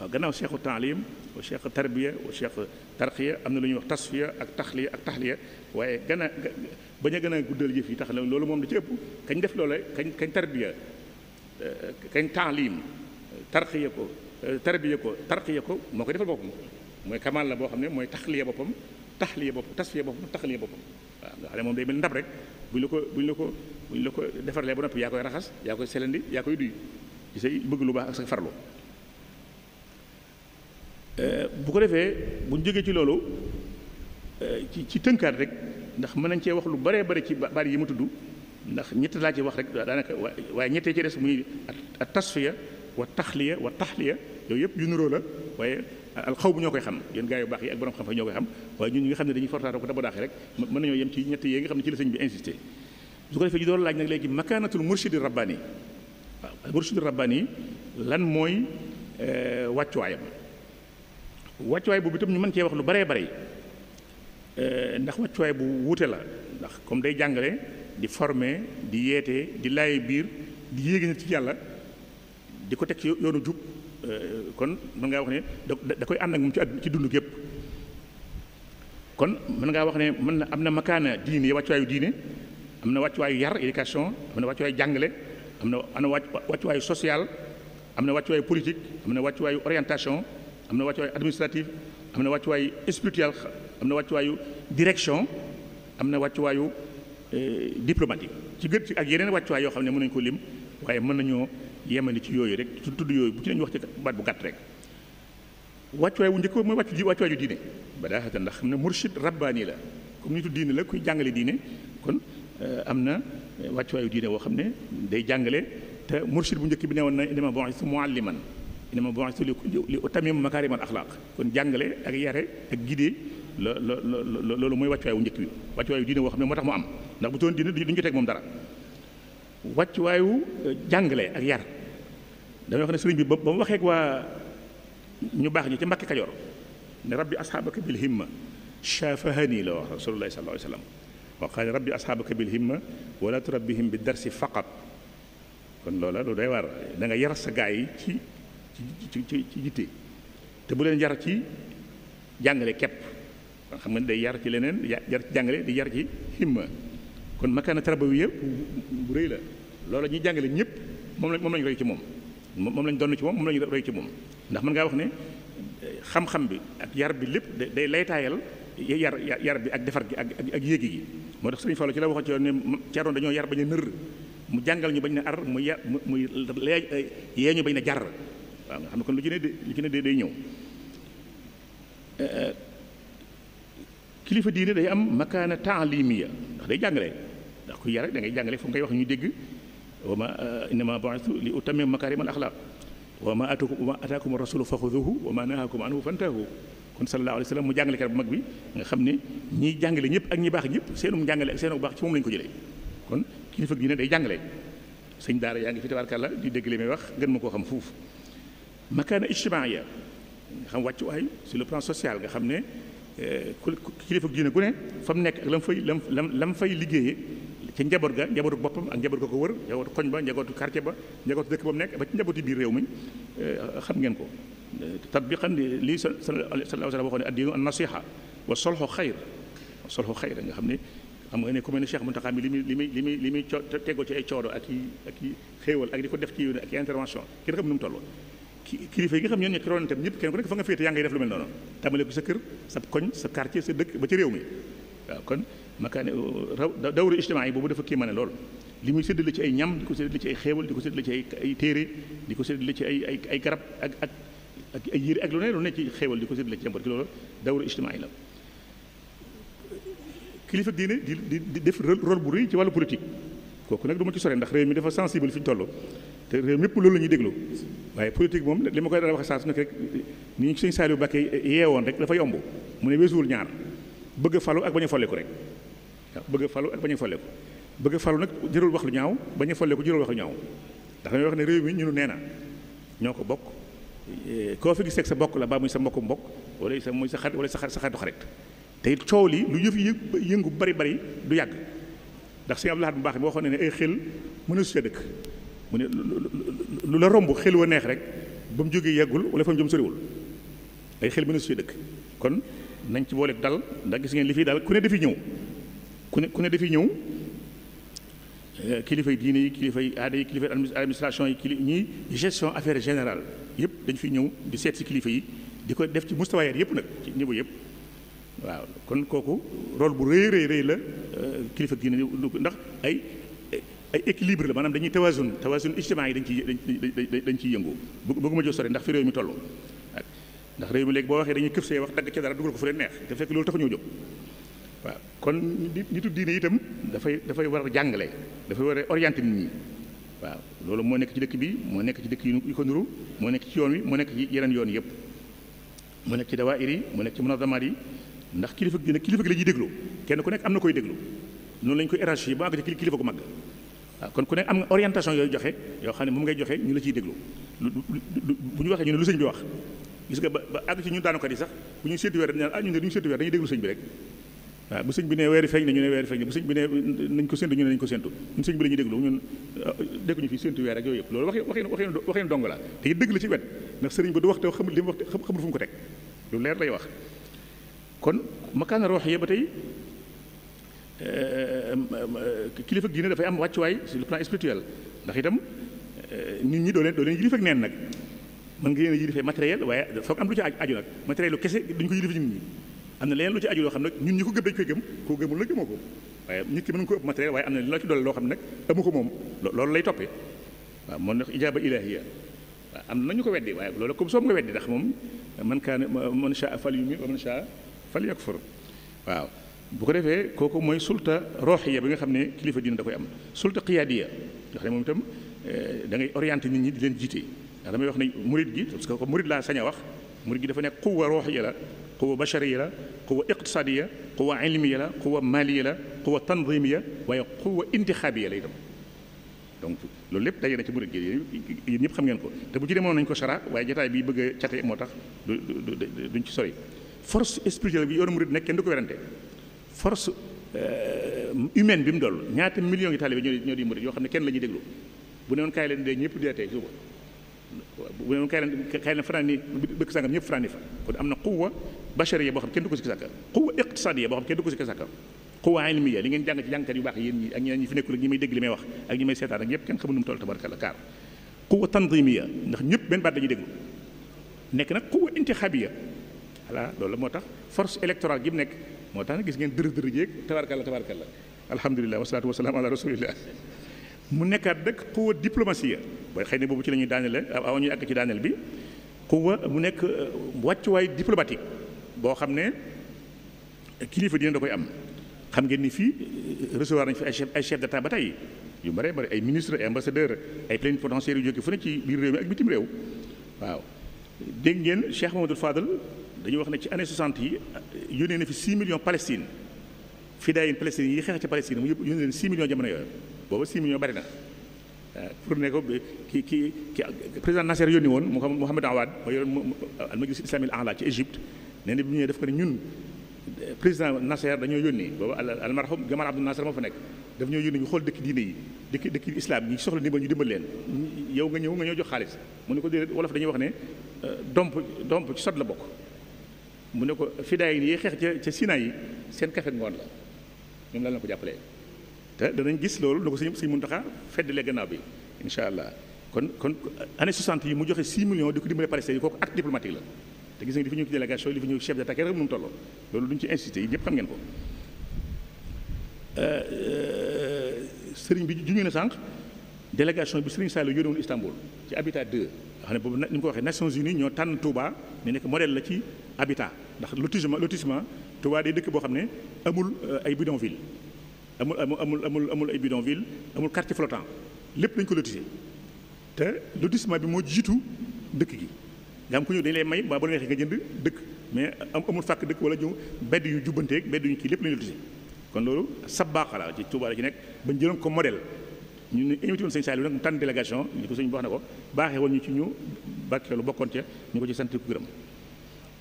waaw gannaaw cheikhu taalim wa cheikh tarbiya wa cheikh tarqiya am na lu ñuy wax tasfiya ak taxliya ak taxliya waaye gën bañ a gën a guddal jëf fii tax na loolu moom di ci ëpp kañ def loola kañ kañ tarbiya euh, kañ taalim tarxiya ko euh, tarbiya ko tarxiya ko moo koy defal boppam mooy kamal la boo xam ne mooy taxliya boppam taxliya boppam tasfiya boppam taxliya boppam waaw nga xam ne moom day mel ndab rek bu la ko bu la ko la ko defarlee ba noppi yaa koy raxas yaa koy selendi yaa koy duy ci say bëgg lu baax ak sa farlu euh, bu ko defee bu ñu jógee ci loolu euh, ci ci tënkaat rek ndax mën nañ cee wax lu baree bare ci baat yi mu tudd ndax ñett laa ci wax rek daanaka waaye ñettee ci des muy at tasfiya wa taxliya wa taxliya yooyu yëpp yu nuroo la waaye alxaw bu ñoo koy xam yéen gaa yu baax yi ak borom xam fa ñoo koy xam waaye ñu ñi xam ne dañuy fortaatoo ko daba daaxee rek mën nañoo yem ci ñett yi nga xam ne ci la sëñ bi insisté su ko defee ñu doon laaj nag léegi makaanatul murshidi rabbaani waaw murshidi rabbaani lan mooy euh, wàccuwaayam wàccuwaay boobu itam ñu mën cee wax lu baree bare euh, ndax wàccuwaay bu wuute la ndax comme day jàngale di form di yeete di laaye biir ci yàlla di ko teg ci yoonu jub kon mën ngaa wax ne da koy ànd ak moom ci àdduna ci dund gépp kon mën ngaa wax ne mën na am na makaana diine wàccuwaayu diine am na wàccuwaayu yar éducation am na wàccuwaayu jàngale am na am na wàccuwaayu social am na wàccuwaayu politique am na wàccuwaayu orientation am na wàccuwaayu administrative am na wàccuwaayu spirituel am na wàccuwaayu direction am na wàccuwaayu diplomatique ci gën ak yeneen wàccuwaay yoo xam ne mën nañ ko lim waaye mën nañoo yemani ci yooyu rek tudd yooyu bu ci nañu wax ci baat bu gàtt rek wàccuwaay wu njëkk mooy wàccu ji wàccuwaay ju diine badaxata ndax xam ne murshid rabbaani la comme nitu diine la kuy jàngale diine kon euh, am na euh, wàccuwaayu diine woo xam ne day jàngale te murshid bu njëkk bi ne woon na inama bu'istu mualliman inama bu'istu li utammima makaarimal axlaaq kon jàngale ak yare ak gidee lo lo loolu mooy wàccuwaay wu njëkk bi wàccuwaayu diine woo xam ne moo tax mu am ndax bu doon diine duñu ko teg moom dara wàccuwaayu euh, jàngale ak yar damay wax ne sëriñ bi ba ba mu waxee waa ñu baax ñi ci Mbàkke Kajoor ne rabbi asxaabaka bil himma shaafahani la wax rasulullahi sallallahu alayhi wasallam wa qaala rabbi asxaabaka bil himma wala turabbihim bi darsi faqat kon loola lu day war da nga yar sa gaay yi ci ci ci ci jitte te bu leen yar ci jàngale kepp kon xam nga day yar ci leneen yar ci jàngale di yar ci himma kon makaana tarbawiya bu rëy la loola ñuy jàngale ñëpp moom la moom lañu roy ci moom moom lañ doon ci moom moom lañu roy ci moom ndax mën ngaa wax ne xam-xam bi ak yar bi lépp day laytaayal yar yar bi ak defar gi ak ak yéegi gi moo tax sëriñ Fallu ci la waxoon ci ne ceeroon dañoo yar bañ a nër mu jàngal ñu bañ na ar mu yar muy yee ñu bañ na jar waaw nga xam ne kon lu ci ne lu ci ne day ñëw euh, kilifa diine day am makaana taalimiya ndax day jàngale ndax ku yar rek da ngay jàngale fu ngay wax ñu dégg wa ma uh, innama bu'ithtu li utammima makaarima al axlaaq wa ma ataakum wa ma ataakum rasulu fa xuduhu wa ma nahaakum anhu fantahu kon sallallahu alayhi wa sallam mu jàngale kat bu mag bi nga xam ne ñiy jàngale ñëpp ak ñi baax ñëpp seenum jàngale ak seenu baax ci moom lañu ko jëlee kon kilifa gi ne day jàngale sëñ daara yaa ngi fi tabaarkàlla di dégg li may wax gën ma koo xam fuuf makaana ijtimaaya nga xam ay sur le plan social nga xam ne eh, kilifa diine gu ne mu nekk ak lam fay lam lam fay liggéeyee ci njaboot ga njabootu boppam ak njaboot ga ko wër njabootu koñ ba njabootu quartier ba njabootu dëkk ba mu nekk ba ci njabootu biir réew mi euh, xam ngeen ko tatbiqan lii sallallahu alayhi wa sallam waxoon ne addiinu an nasiha wa solxu xayr wa solxu xayr nga xam ne xam nga ne ku mel ne Cheikh Mountakha mi li muy li muy li muy li muy tegoo ci ay coodo ak i ak i xéewal ak i intervention kenn xam nu mu toll kilifa yi nga xam ñoo nekk roon tam ñëpp kenn fa nga féete yaa ngay def lu mel noonu tàmbale sa kër sa koñ sa quartier sa dëkk ba ci réew mi waaw kon makaane dawru ijtimaay boobu dafa kii ma ne lool li muy séddale ci ay ñam di ko séddale ci ay xewal di ko la ci ay ay téere di ko séddale ci ay ay ay garab ak ak ak ay yére ak lu ne lu ne ci xéewal di ko séddale ci jàmbur ki loolu dawru ijtimaay la kilifa diine di di def rôle bu rëy ci wàllu politique kooku nag du ci sore ndax réew mi dafa sensible fi ñu toll te réew loolu la ñuy déglu waaye politique moom li ma koy dara wax saa su nekk rek ni ñu sëñ Saliou Bakke yeewoon rek dafa yomb mu ne weesuwul ñaar bëgg falu ak bañ a folliku rek bëgg a falu ak bañ a faleeku bëgg a falu nag jërul wax lu ñaaw bañ a faleeku jërul wax lu ñaaw dafa ñuy wax ne réew mi ñunu nee na ñoo ko bokk eh, koo fi gis ak sa bokk la mu muy sa mbokk mbokk wala sa muy sa xarit wala sa xaritu xarit te it coow li lu yëf yëngu bari bari du yàgg ndax sëñ Abdoulaye bu baax mi waxoon ne ne ay xel mën a su dëkk mu ne la romb xel wa neex rek ba mu jógee yeggul fa mu jëm soriwul xel mën a dëkk kon nañ ci boole dal ndax gis ngeen li fii dal ku ne dafi ñëw ku ne ku ne dafay ñëw eh, kilifay diine yi kilifay aada yi kilifay administration yi kili ñii gestion affaire général yëpp dañ fi ñëw di seet si kilifa yi di ko def ci mustawaayaat yëpp nag ci niveau yëpp waaw kon kooku rôle bu rëy rëy rëy la eh, kilifa diine ndax ay ay équilibre la maanaam dañuy tawaazun tawaazun ijtimaa yi dañ ci dañ ciy yëngu bëgguma joo sore ndax fi réew mi toll ndax réew mi léegi boo waxee dañuy këf see wax dagg ca dara dugal ko fu leen neex te loolu taxu ñoo jóg waaw kon nitu diine itam dafay dafay war a jàngale dafay war a orienté nit ñi waaw loolu moo nekk ci dëkk bi moo nekk ci dëkk yu ko nuru moo nekk ci yoon wi moo nekk ci yeneen yoon yëpp mu nekk ci dawaayir yi mu nekk ci munazamaat yi ndax kilifa gi nag kilifa gi la ñuy déglu kenn ku nekk am na koy déglu noonu la ñu koy yi ba àgg ci kilifa gu mag waaw kon ku nekk am nga orientation yooyu joxe yoo xam ne moom ngay joxe ñu la ciy déglu lu bu ñu waxee ñu ne lu sëñ bi wax gis nga ba àgg ci ñun bu ñu seeti weer dañu naan ah ñun de du rek waaw bu sëñ bi ne weeri feeñ na ñu ne weeri feeñ na bu sëñ bi ne nañ ko séntu ñu ne nañ ko séntu ñun sëñ bi la ñuy déglu ñun ah, dégguñu fii séntu weer ak yëpp loolu waxee waxee waxee waxee dong la te dëgg la ci wet ndax sëriñ ba du wax te xamul li mu wax xamul ko teg lu leer lay wax kon makaana roox yee tey eh, kilifa diine dafay am wàccuwaay sur le plan spirituel ndax itam eh, ñi doo leen doo leen neen nag man ngi yéen a yilifee matériel waaye foog am lu ci aju nag matériel kese duñ ko yilif nit ñi am na leen lu ci aju loo xam nag ñun ñi ko gëm dañ koy gëm koo gëmul la gëmoo ko waaye nit ki mën nga ko ëpp matériel waaye am na la ci doole loo xam ne nag amu ko moom loolu lay toppee waaw moo nekk ijaaba ilahiya waaw am na ñu ko weddi waaye loolu comme soo nga weddi ndax moom man kaan man shaa fal yumin wa man shaa fal yakfur waaw bu ko defee kooku mooy sulta roxiya bi nga xam ne kilifa diine da koy am sulta qiyaadiya nga xam ne moom itam eh, da ngay orienté nit ñi di leen jiite ndax damay wax ne murid gi parce que murid laa sañ a wax murid gi dafa nekk quwwa roxiya la quwa bashariya la quwa iqtisadiya quwa ilmiya la quwa maliya la quwa tanzimiya waaye quwa intixaabiya lay doon donc loolu lépp daje na ci murid gi yéen ñëpp xam ngeen ko te bu ci demoon nañu ko sara waaye jotaay bi bëgg a cate moo tax duñ ci sori force spirituelle bi yoonu murid nekk kenn du ko werante force euh, humaine bi mu dool ñaata millions yi taalibe ñoo di murid yoo xam ne kenn la ñuy déglu bu ne woon kaay leen dee ñëpp dee tey suba bu ne woon kaay leen kaay leen fanaan am na bachariya boo xam kenn du ko si sàkka quwa iqtisadiya boo xam kenn du ko si sàkka quwa ilmiya li ngeen jàng ci jàngkat yu baax yéen ñi ak ñi fi nekkul ak ñi may dégg li may wax ak ñi may seetaan ak ñëpp kenn xamu nu mu la kaar quwa tanzimiya ndax ñëpp benn baat dañuy déglu nekk nag quwa intixaabiya voilà loolu moo tax force électorale gi mu nekk moo tax nag gis ngeen dërë dërë jéeg tabarkalla tabarkalla alhamdulilah wasalaatu wasalaam ala rasulillah mu nekkaat rek quwa diplomatie booy xëy na boobu ci la ñuy daanele aw àgg ci daanel bi quwa mu nekk euh, wàccuwaay diplomatique boo xam ne kilifa dina da koy am xam ngeen ni fii recevoir nañu fi ay chef ay chef d'état ba tey yu bare bare ay ministre ay ambassadeur ay plénipotentiaires yu jóge fu ne ci biir réew mi ak bitim réew waaw dégg ngeen Cheikh Mamadou Fadal dañu wax ne ci année 60 yi yónnee na fi 6 millions Palestine fidaayin Palestine yi xeex ci Palestine mu yónnee leen 6 millions jamono yooyu booba 6 millions bari na euh, pour ne ko ki ki ki président Nasser yónni woon mu xam Mohamed Awad ma yoroon al majlis islamil a'la ci Égypte nee na ñu ñëwee def ko ne ñun président Nasser dañoo yónnee boobu almarhum Gamal Abdel Nasser moo fa nekk daf ñoo yónnee ñu xool dëkk diine yi dëkk dëkk islam ñi soxla ndimbal ñu dimbal leen yow nga ñëw nga ñoo jox xaalis mu ne ko déedéet wolof dañuy wax ne euh, domp domp ci sot la bokk mu ne ko fidaay yi xeex ca ca Sina yi seen kafe ngoon la ñoom lan la ko jàppalee te danañ gis loolu na ko sëñ sëñ Muntaxa feddalee gannaaw bi incha allah kon kon année 60 yi mu joxe 6 millions di ko dimbalee Palestine la te gis nga li fi ñëw ci li fi ñëw chef d'état kenn rek mu tolloo loolu duñ ci insisté yi ñëpp xam ngeen ko euh, euh, sëriñ bi juñu na sànq délégation bi sëriñ Saliou yónnewoon Istanbul ci Habitat 2 nga ne boobu ni mu ko waxee Nations Unies ñoo tànn Touba ne nekk modèle la ci Habitat ndax lotissement lotissement Touba day dëkk boo xam ne amul euh, ay bidonville amul amul amul amul ay bidonville amul quartier flottant lépp lañ ko lotissé te lotissement bi moo jiitu dëkk gi. nga am ku ñëw dañu lay may ba bu neexee nga jënd dëkk mais am amul fàkk dëkk wala ñu bedd yu jubbanteeg bedd yu kii lépp la ñu lotise kon loolu sab la ci Tuubaa la ci nekk ba ñu jëloon ko modèle ñu ne invité woon sëñ Saliou nag mu tànn délégation ñu ko sëñ bi wax na ko baaxee woon ñu ci ñu bàkkeelu bokkoon ca ñu ko ci sant ku gërëm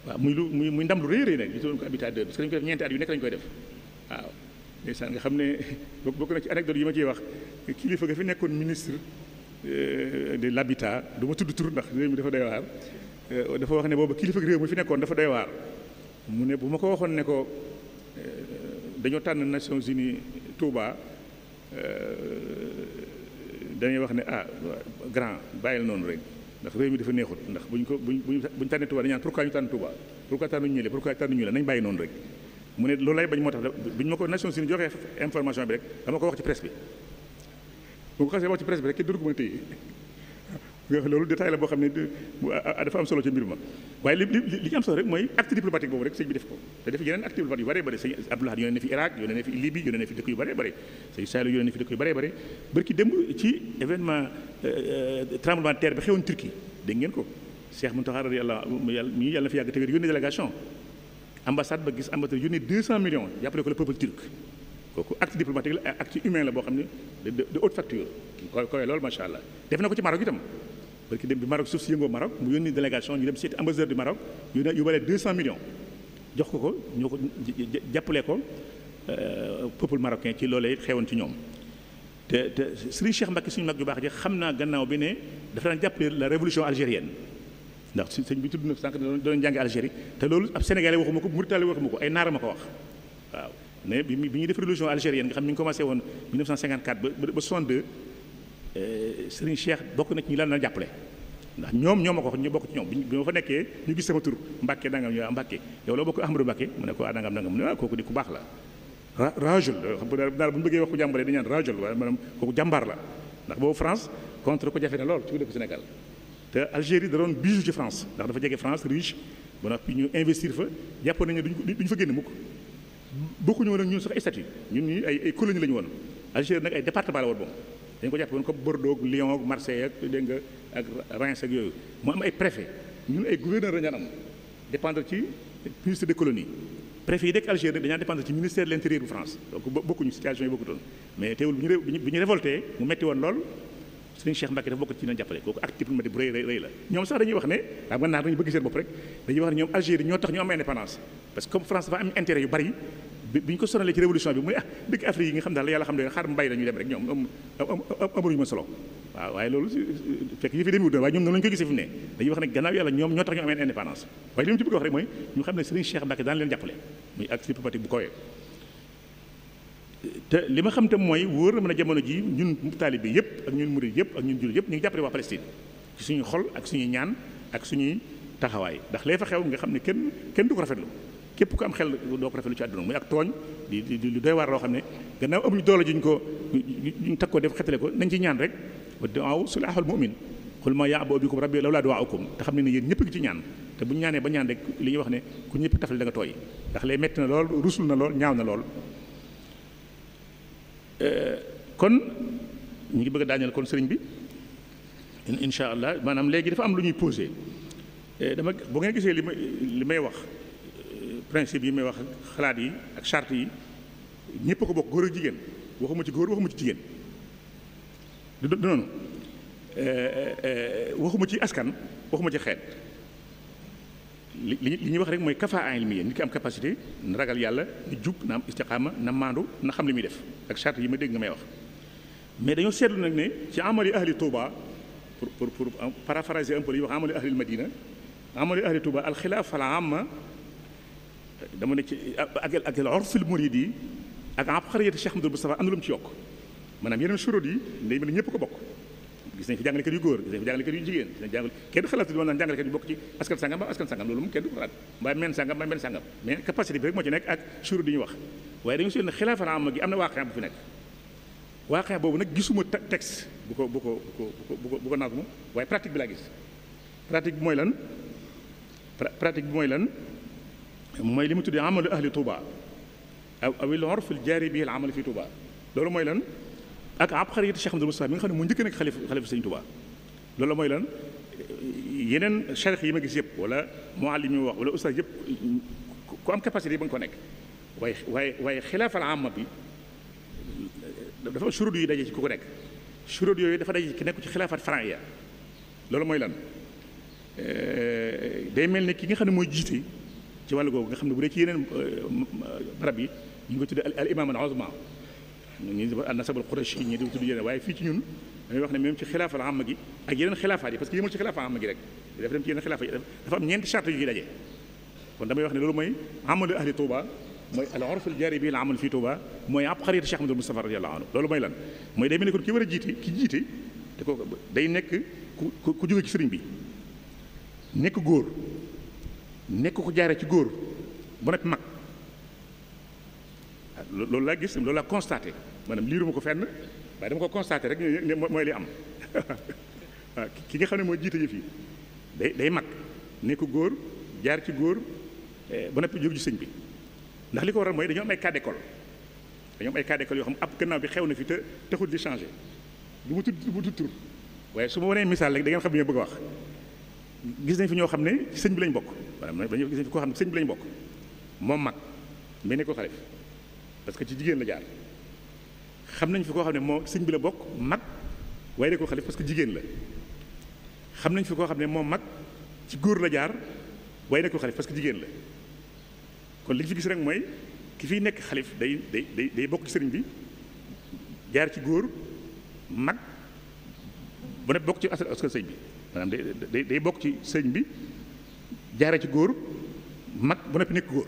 waaw muy lu muy muy ndam lu rëy rëy nag ñu tuddoon ko habitat 2 parce que dañu ko def ñeenti at yu nekk lañu koy def nga xam ne bokk na ci anecdote yi ma ciy wax kilifa ga fi nekkoon ministre euh, de l'habitat du ma tudd tur ndax mi dafa doy waar Eh, dafa wax ne boobu kilifa réew mi fi nekkoon dafa doy waar mu ne bu ma ko waxoon ne ko eh, dañoo tànn Nations Unies Touba eh, dañuy wax ne ah grand bàyyil noonu rek ndax réew mi dafa neexut ndax bu ñu ko bu ñu bu ñu a Touba dañu naan pourquoi ñu tànn Touba pourquoi tànnuñu ñële nañ bàyyi noonu rek mu ne loolu lay bañ moo tax bu ñu ma ko Nations Unies joxee information bi rek dama ko wax ci presse bi bu ko xasee wax ci presse bi rek kenn du ko mën nga loolu détail la boo xam ne dafa am solo ci mbir ma waaye li li ci am solo rek mooy acte diplomatique boobu rek sëñ bi def ko te def yeneen acte diplomatique yu bëree bëri sëñ Abdoulaye fi Irak yónnee na fi Libye yónnee na fi dëkk yu bëree bëri sëñ Saliou yónnee na fi dëkk yu bëree bëri barki démb ci événement euh, euh, tremblement bi xewoon Turquie dégg ngeen ko Cheikh Mountakha radiyallahu mi yàlla na fi yàgg te wér yónnee délégation ambassade ba gis ambassadeur yónnee la acte humain la boo xam ne de haute facture koy loolu macha def na ko ci Maroc itam parce dem bi Maroc suuf si yëngoo Maroc mu yónni délégation ñu dem seeti ambassadeur du Maroc yu ne yóbbaale 200 millions jox ko ko ñoo ko jàppale ko euh, peuple marocain ci loolee it xewoon ci ñoom. te te Serigne Cheikh Mbacke suñu mag ju baax ji xam naa gannaaw bi ne dafa daan jàppale la révolution algérienne ndax si sëñ bi tudd na sànq doon jàngi Algérie te loolu ab sénégalais waxuma ko Mauritanie waxuma ko ay naar ma ko wax waaw. mais bi ñuy Euh, Serigne Cheikh bokk na ci ñu lan na jàppale ndax ñoom ñoo ma ko wax ñu bokk ci ñoom bi fa nekkee ñu gis sama tur Mbàkke nangam ñu Mbàkke yow loo bokk Ahmadou Mbàkke mu ne ko ah nangam nangam mu ne ah kooku di ku baax la rajul daal bu ñu bëggee wax ko jàmbale di ñaan la ndax boobu France contre ko jafe na lool ci ko dëkk Sénégal te Algérie da doon bijou ci France ndax dafa jege France riche ba noppi ñu investir fa jàpp nañu ne ñu fa génn mukk bokkuñu woon ak ñun sax statut ñun ñu ay la ñu woon Algérie nag ay département la woon moom dañ ko jàpp woon comme Bordeaux Lyon ak Marseille ak dégg nga ak Reims yooyu mu am ay préfet ñun ay gouverneur la ñu am dépendre ci ministre des colonies préfet yi dëkk Algérie dañaa dépendre ci ministère ñu bi ñu révolté mu metti woon lool Sëriñ Cheikh Mbacke dafa bokk ci leen jàppale ko acte diplomatique bu rëy rëy la ñoom sax dañuy wax ne xam nga naar dañu bëgg seen bopp rek dañuy wax ne ñoom Algérie ñoo tax ñu am indépendance parce que comme France dafa am intérêt yu bari bi ñu ko sonalee ci révolution bi mu ne ah dëkk Afrique yi nga xam daal yàlla xam ne xar mbay dañuy dem rek ñoom amuñu ma solo waaw waaye loolu fekk yëf yi demewut waaye ñoom noonu lañu ko gisee fi mu ne dañuy wax ne gannaaw yàlla ñoom ñoo tax ñu ameen indépendance waaye li mu ci bëgg wax rek mooy te li ma xam te mooy wóor na mën a jamono ji ñun taalib bi yëpp ak ñun murid yëpp ak ñun jullit yëpp ñu ngi jàppale waa Palestine ci suñu xol ak suñuy ñaan ak suñuy taxawaay ndax lay fa xew nga xam ne kenn kenn du ko rafetlu képp ku am xel doo ko rafetlu ci àdduna muy ak tooñ di di lu doy loo xam ne gannaaw amuñu doole juñ ko juñ tag ko def xetale ko nañ ci ñaan rek wa du'aa silaaxul mu'min xul ma ya'ba'u bikum rabbi lawlaa du'aa'ukum te xam ne ne yéen ñëpp ngi ñaan te bu ñaanee ba li ñuy wax ne ku ñëpp tafal da nga tooy ndax lay metti lool rusul na na lool euh, kon ñu ngi bëgg a daaneel bi incha maanaam léegi dafa am lu ñuy posé euh, dama bu ngeen gisee li may li may wax principe yi may wax xalaat yi ak charte yi ñëpp ko bokk góor ak jigéen waxuma ci góor waxuma ci jigéen du noonu euh, euh, euh, waxuma ci askan waxuma ci xeet li li ñuy wax rek mooy kafaa ilmiya nit ki am capacité na ragal yàlla na jub na am na maandu na xam li muy def ak charte yi ma dégg nga may wax mais dañoo seetlu nag ne ci amali ahli Touba pour pour pour paraphraser un peu li ñuy wax amali ahli Madina amali ahli Touba alxilaaf al amma dama ne ci ak ak urful muridi ak abqariyatu Cheikh Ahmadou Moustapha am na lu mu ci yokk maanaam yeneen surut yi day mel ni ko bokk gis nañ fi jàngalekat yu góor gis nañ fi jàngalekat yu jigéen gis nañ jàngal yu bokk ci askan sangam ba askan sangam loolu moom kenn du mbaa men sangam mbaa men sangam mais capacité bi rek moo ci nekk ak surut ñu wax waaye dañu seen ne xilaafa am gi am na waaqe bu fi nekk waaqe boobu nag gisuma texte bu ko bu ko bu ko bu ko naatuma waaye pratique bi laa gis pratique bi mooy lan pratique bi mooy lan mooy li mu tuddee amalu ahli Touba aw awil orf al jaari bi al amal fi Touba loolu mooy lan ak ab xarit Cheikh Amadou Moustapha mi nga xam ne mu njëkk nekk xalif xalif sëñ Touba loolu mooy lan yeneen charix yi ma gis yëpp wala muallim yi wax wala ustaas yëpp ku am capacité yi ba nga ko nekk waaye waaye waaye xilaafal amma bi dafa surut yi daje ci ku ko nekk surut yooyu dafa daje ci nekk ci xilaafaat faraya loolu mooy lan euh, day mel ne ki nga xam ne mooy jiite ci wàllu googu nga xam ne bu dee ci yeneen euh, barab yi ñu ngi ko tudd al imam al azma ñi al nasab al qurashi ñi tudd yeneen waaye fii ci ñun dañuy wax ne même ci xilaafal amma gi ak yeneen xilaafaat yi parce que yëmul ci xilaafa amma gi rek dafa dem ci yeneen xilaafa yi dafa am ñeenti charte yu ci daje kon damay wax ne loolu mooy amalu ahli touba bi al amal fii mooy abqariyat Cheikh Ahmadul Mustafa radiyallahu anhu loolu lan mooy day mel ni kon ki war a jiite ki jiite day nekk ku jóge ci sëriñ bi nekk góor nekk ko jaare ci góor ba noppi mag ah, loolu laa gis loolu laa constaté maanaam liiruma ko fenn waaye dama ko constaté rek mooy li am waaw ah, ki nga xam ne mooy jiite yëf yi day day mag nekk góor jaar ci góor eh, ba noppi jóg ci sëñ bi ndax li ko waral mooy dañoo am ay cas d'école dañoo am ay cas d'école yoo xam ab gannaaw bi xew na fi te taxul di changé du mu tudd du mu tudd tur waaye su ma wanee misaal rek da ngeen xam ne ñoo bëgg a wax gis nañ fi ñoo xam ne sëñ bi lañ bokk maanaam dañoo gis koo xam ne sëñ bi lañu bokk moom mag mais ne ko xalif parce que ci jigéen la jaar xam nañ fi koo xam ne moo sëñ bi la bokk mag waaye ko xalif parce que jigéen la xam nañ fi koo xam ne moom mag ci góor la jaar waaye ne ko xalif parce que jigéen la kon li ñu fi gis rek mooy ki fiy nekk xalif day day day day bokk ci bi jaar ci góor mag bu ne bokk ci askan sëñ bi day day bokk ci sëñ bi jaare ci góor mag bu noppi nekk góor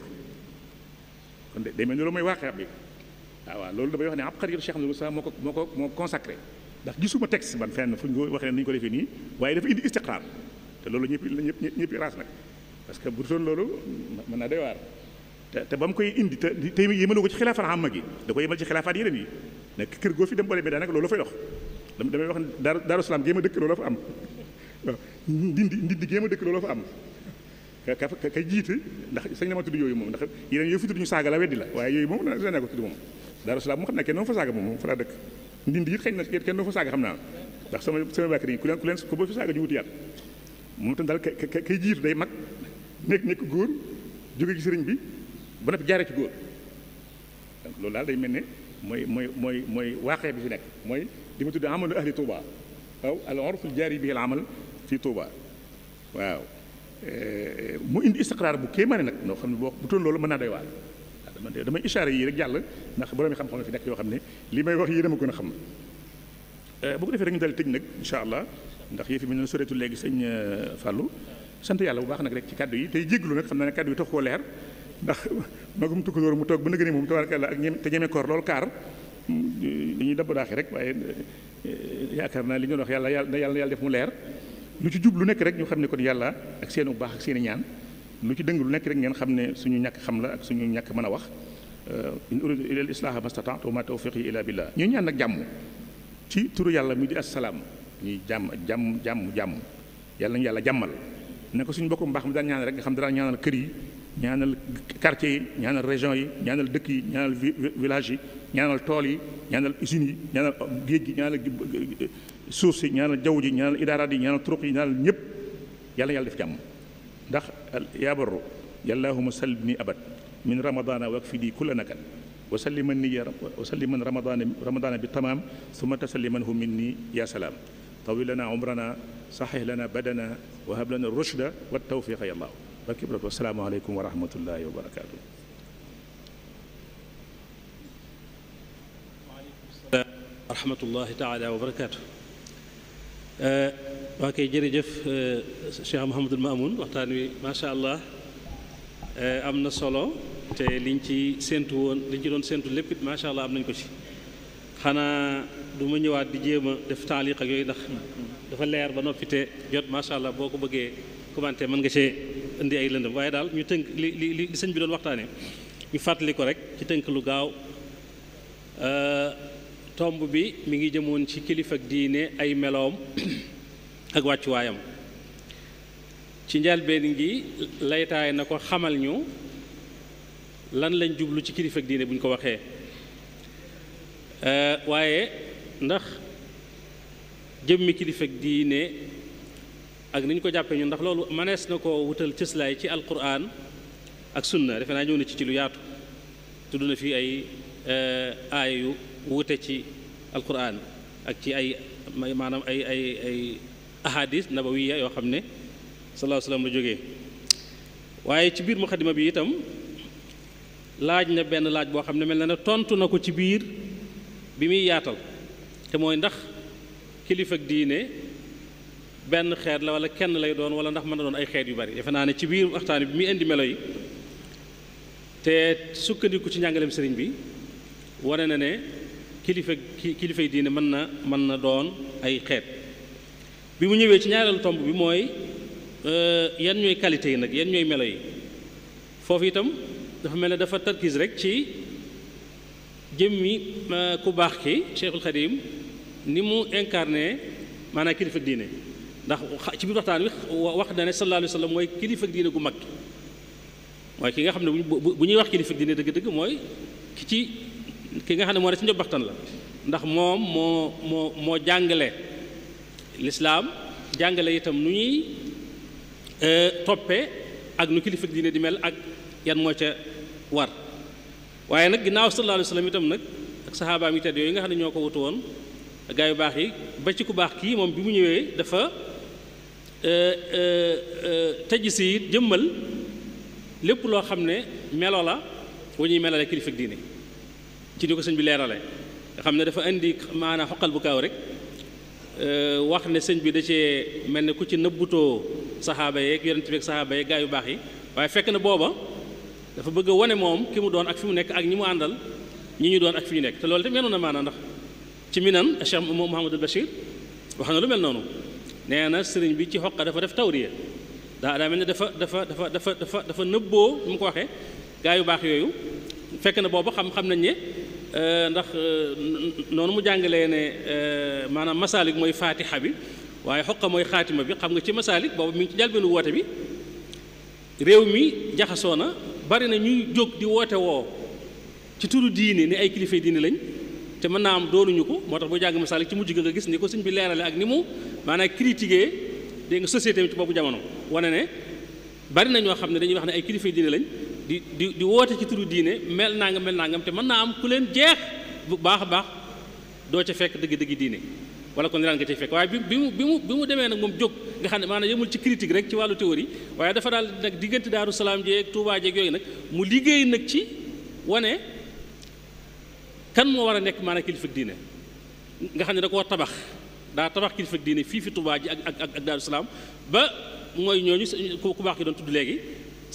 kon de day mel ni loolu mooy waaxee bi waaw ah, waaw loolu damay wax ne ab xarit Cheikh Amadou Moussa moo ko moo ko moo consacré ndax gisuma texte ban fenn fu ñu ko waxee ni ñu ko defee nii waaye dafa indi istiqraar te loolu ñëpp la ñëpp ñëpp raas nag parce que bu doon loolu mën naa doy waar te te ba mu koy indi te te yemalu ko ci xilaafaat amma gi da ko yemal ci xilaafaat yeneen kër goo fi dem boole bi daanaka loolu la fay dox damay wax ne Daaru Salaam géem a dëkk loolu la fa am waaw ndindi ndindi géem a dëkk loolu la fa am ka ka ka jiite ndax sañ na ma tudd yooyu moom ndax yeneen yooyu fi tudd ñu saaga la weddi la waaye yoobu moom sañ naa ko tudd moom Daaru Salaam mu xam naa kenn fa saaga moom moom fa laa dëkk ndindi it xëy na kenn doo fa saaga xam naa ndax sama sama bàkk ku leen ku leen fi saaga ñu wutiyaat moom tam daal kay jiitu day mag nekk nekk góor jóge ci sëriñ bi ba noppi jaaree ci góor donc loolu daal day mel ne mooy mooy mooy mooy waaxee bi fi nekk mooy di ma tudd amalu ahli Touba waaw al urful jaari bi al amal fii mu indi istiqraar bu kéemaane nag noo xam ne boo bu toon loolu mën naa doy waar man de damay ishaare yi rek jàll ndax borom yi xam-xam fi nekk yoo xam ne li may wax yéen a gën a xam eh, bu ko defee rek dal tëj nag incha ndax yëf yi mu ne soreetu léegi sëñ eh, Fallou sant yàlla bu baax nag rek ci kaddu yi tey jéglu nag xam naa ne kaddu tax koo leer ndax magum tukkandoor mu toog ba nëgë ne moom tabaarkalla ak ñem te ñeme koor loolu kaar mm, dañuy dabb daaxe rek waaye eh, yaakaar naa li ñu wax yàlla yàlla na yàlla def mu leer lu ci jub lu nekk rek ñu xam ne kon yàlla ak seenu baax ak seeni ñaan lu ci dëng lu nekk rek ngeen xam ne suñu ñàkk xam la ak suñu ñàkk mën a wax euh, in uridu illa al islaha mastata'tu wa ma illa billah ñu ñaan ak jàmm ci turu yàlla mi di assalaam ñuy jàmm jàmm jàmm jàmm yàlla ñu yàlla jàmmal ne ko suñu bokku mbaax mi daan ñaan rek nga xam daan ñaanal kër yi ñaanal quartier yi ñaanal région yi ñaanal dëkk yi ñaanal village yi ñaanal tool yi ñaanal usine yi ñaanal géej gi ñaanal suuf si ñaanal jaww ji ñaanal idaaraat yi ñaanal turuq yi ñaanal ñëpp yàlla yàlla def jàmm ndax yaa barru yàllaahuma salbni abad min ramadana waak fi di kulla nakat wasalliman niya wasalliman ramadana ramadana bi tamaam summa tasallimanhu min ni yaa salaam tawi lana umrana saxih lana badana wa hab lana rushda wa tawfiqa yàllaahu barkib wasalaamu aleykum wa rahmatullahi wa barakaatu wa rahmatullahi taala wa barakaatu waa eh, kay jërëjëf eh, Cheikh Mouhamadul Mamoun waxtaan wi macha allah eh, am na solo te liñ ci séentu woon liñ ci doon séentu lépp it macha allah am nañ ko ci xanaa du ma ñëwaat di jéem a def taaliq ak yooyu ndax dafa leer ba noppite jot macha allah boo ko bëggee commenté mën nga cee indi ay lëndëm waaye daal ñu tënk li li li sëñ bi doon waxtaanee ñu fàttali ko rek ci tënk lu gaaw. tomb bi mi ngi jëmoon ci kilifa ak diine ay meloom ak wàccuwaayam ci njalbeen gi laytaay na ko xamal ñu lan lañ jublu ci kilifa ak diine bu ñu ko waxee euh, waaye ndax jëmmi kilifa ak diine ak ni ñu ko jàppee ñu ndax loolu mënees na ko wutal cëslaay ci alquran ak sunna defe naa ñëw na ci ci lu yaatu tudd na fii ay euh, aaya wute ci alquran ak ci ay maanaam ay ay ay ahadis nabawiya yoo xam ne sallallahu alayhi wasallam la jógee waaye ci biir muqaddima bi itam laaj na benn laaj boo xam ne mel na ne tontu na ko ci biir bi muy yaatal te mooy ndax kilifa diine benn xeet la wala kenn lay doon wala ndax mën na doon ay xeet yu bari defe naa ne ci biir waxtaan bi muy indi melo yi te sukkandiku ci njàngaleem sëriñ bi wane na ne kilifa kilifay diine mën na mën na doon ay xeet bi mu ñëwee ci ñaareelu tomb bi mooy euh, yan ñooy qualité yi nag yan ñooy melo yi foofu itam dafa mel ne dafa tarkiis rek ci jëmmi ku baax ki Cheikhul Khadim ni mu incarné maanaam kilifa diine ndax ci biir waxtaan wi wax na ne sallallahu alayhi mooy kilifa diine gu mag mooy ki nga xam ne bu ñuy wax kilifa diine dëgg-dëgg mooy ki ci ki nga xam ne moo des ci njëb la ndax moom moo moo moo jàngale lislaam jàngale itam nu ñuy euh, toppee ak nu kilifa diine di mel ak yan moo ca war waaye nag ginnaaw sallallahu itam nag ak saxaabaam yi tedd yooyu nga xam ne ñoo ko wutu woon gaa yu baax yi ba ci ku baax kii moom bi mu ñëwee dafa euh, euh, tëj si jëmmal lépp loo xam ne melo la wu ñuy melale kilifa diine ci ni ko sëñ bi leerale nga xam ne dafa indi maanaam xoqal bu kaaw rek euh, wax ne sëñ bi da mel ne ku ci nëbbutoo saxaaba yeeg yonent bi ak saxaaba yeeg gaa yu baax yi waaye fekk na booba dafa bëgg a wane moom ki mu doon ak fi mu nekk ak ñi mu àndal ñi ñu doon ak fi ñu nekk te loolu tamit yenoon na maanaam ndax ci minan Cheikh Mouhamadul Bachir wax na lu mel noonu nee na sëriñ bi ci xoq dafa def tawriya daa daa mel ne dafa dafa dafa dafa dafa dafa nëbboo mu ko waxee gaa yu baax yooyu fekk na booba xam xam nañ ne Euh, ndax euh, noonu mu jàngalee ne euh, maanaam masaalik mooy faatixa bi waaye xoqa mooy xaatima bi xam nga ci masaalik boobu mi ngi ci jàlbeenu woote bi réew mi jaxasoo na bari na ñuy jóg di woote woo ci turu diine ni ay kilifa diine lañ te mën naa am doonuñu ko moo tax boo jàng masaalik ci mujj ga nga gis ni ko sëñ bi leerale ak ni mu maanaa critiquer dégg nga société bi ci boobu jamono wane ne bari na ñoo xam ne dañuy wax ne ay kilifa diine lañ di di di woote ci turu diine mel nangam mel nangam te mën naa am ku leen jeex bu baax a baax doo ca fekk dëgg-dëgg diine wala kon daan nga cay fekk waaye bi bi mu bi mu bi mu demee nag moom jóg nga xam ne maanaam yemul ci critique rek ci wàllu théorie waaye dafa daal nag diggante daaru salaam jeeg Touba jeeg yooyu nag mu liggéey nag ci wane kan moo war a nekk maanaam kilifa diine nga xam ne da koo tabax daa tabax kilifa diine fii fi Touba ji ak ak ak daaru salaam ba mooy ñooñu ku baax ki doon tudd léegi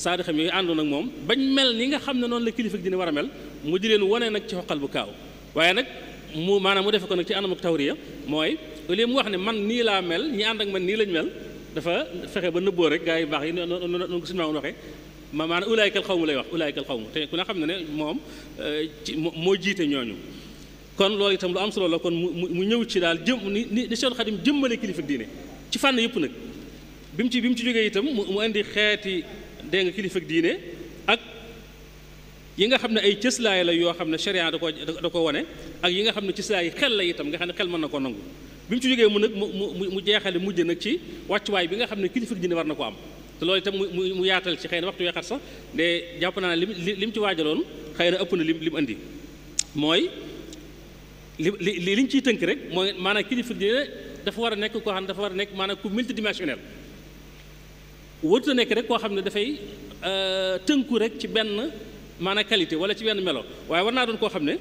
saadixam yooyu àndoon ak moom bañ mel ni nga xam ne noonu la kilifa dina war a mel mu di leen wane nag ci xoqal bu kaaw waaye nag mu maanaam mu defe ko nag ci anamuk tawriya mooy au lieu mu wax ne man nii laa mel ak man nii lañ mel dafa fexe ba nëbboo rek gaa yi baax yi noonu ko suñu maamoon waxee ma xaw ulaaykal xawmu lay wax ulaaykal xawmu te ku ne xam ne ne moom euh, ci moo jiite ñooñu kon loolu itam lu am solo la kon mu ñëw ci daal jëm ni ni Seex Xaadim jëmmale kilifa diine ci fànn yépp nag ci bi mu ci jógee itam mu indi xeeti dégg nga kilifa diine ak yi nga xam ne ay cëslaay la yoo xam ne sharia da ko da ko wane ak yi nga xam ne cëslaay yi xel la itam nga xam ne xel mën na ko nangu bi mu ci jógee mu nag mu mu mu jeexale mujj nag ci wàccuwaay bi nga xam ne kilifa diine war na ko am te loolu itam mu mu yaatal ci xëy na waxtu wee xat sax de jàpp naa li lim li mu ci waajaloon xëy na ëpp na lim li indi mooy li li liñ ciy tënk rek mooy maanaam kilifa diine dafa war a nekk koo xam ne dafa war a nekk maanaam wërta nekk rek koo xam ne dafay euh, tënku rek ci benn maanaam qualité wala ci benn melo waaye war naa doon koo xam ne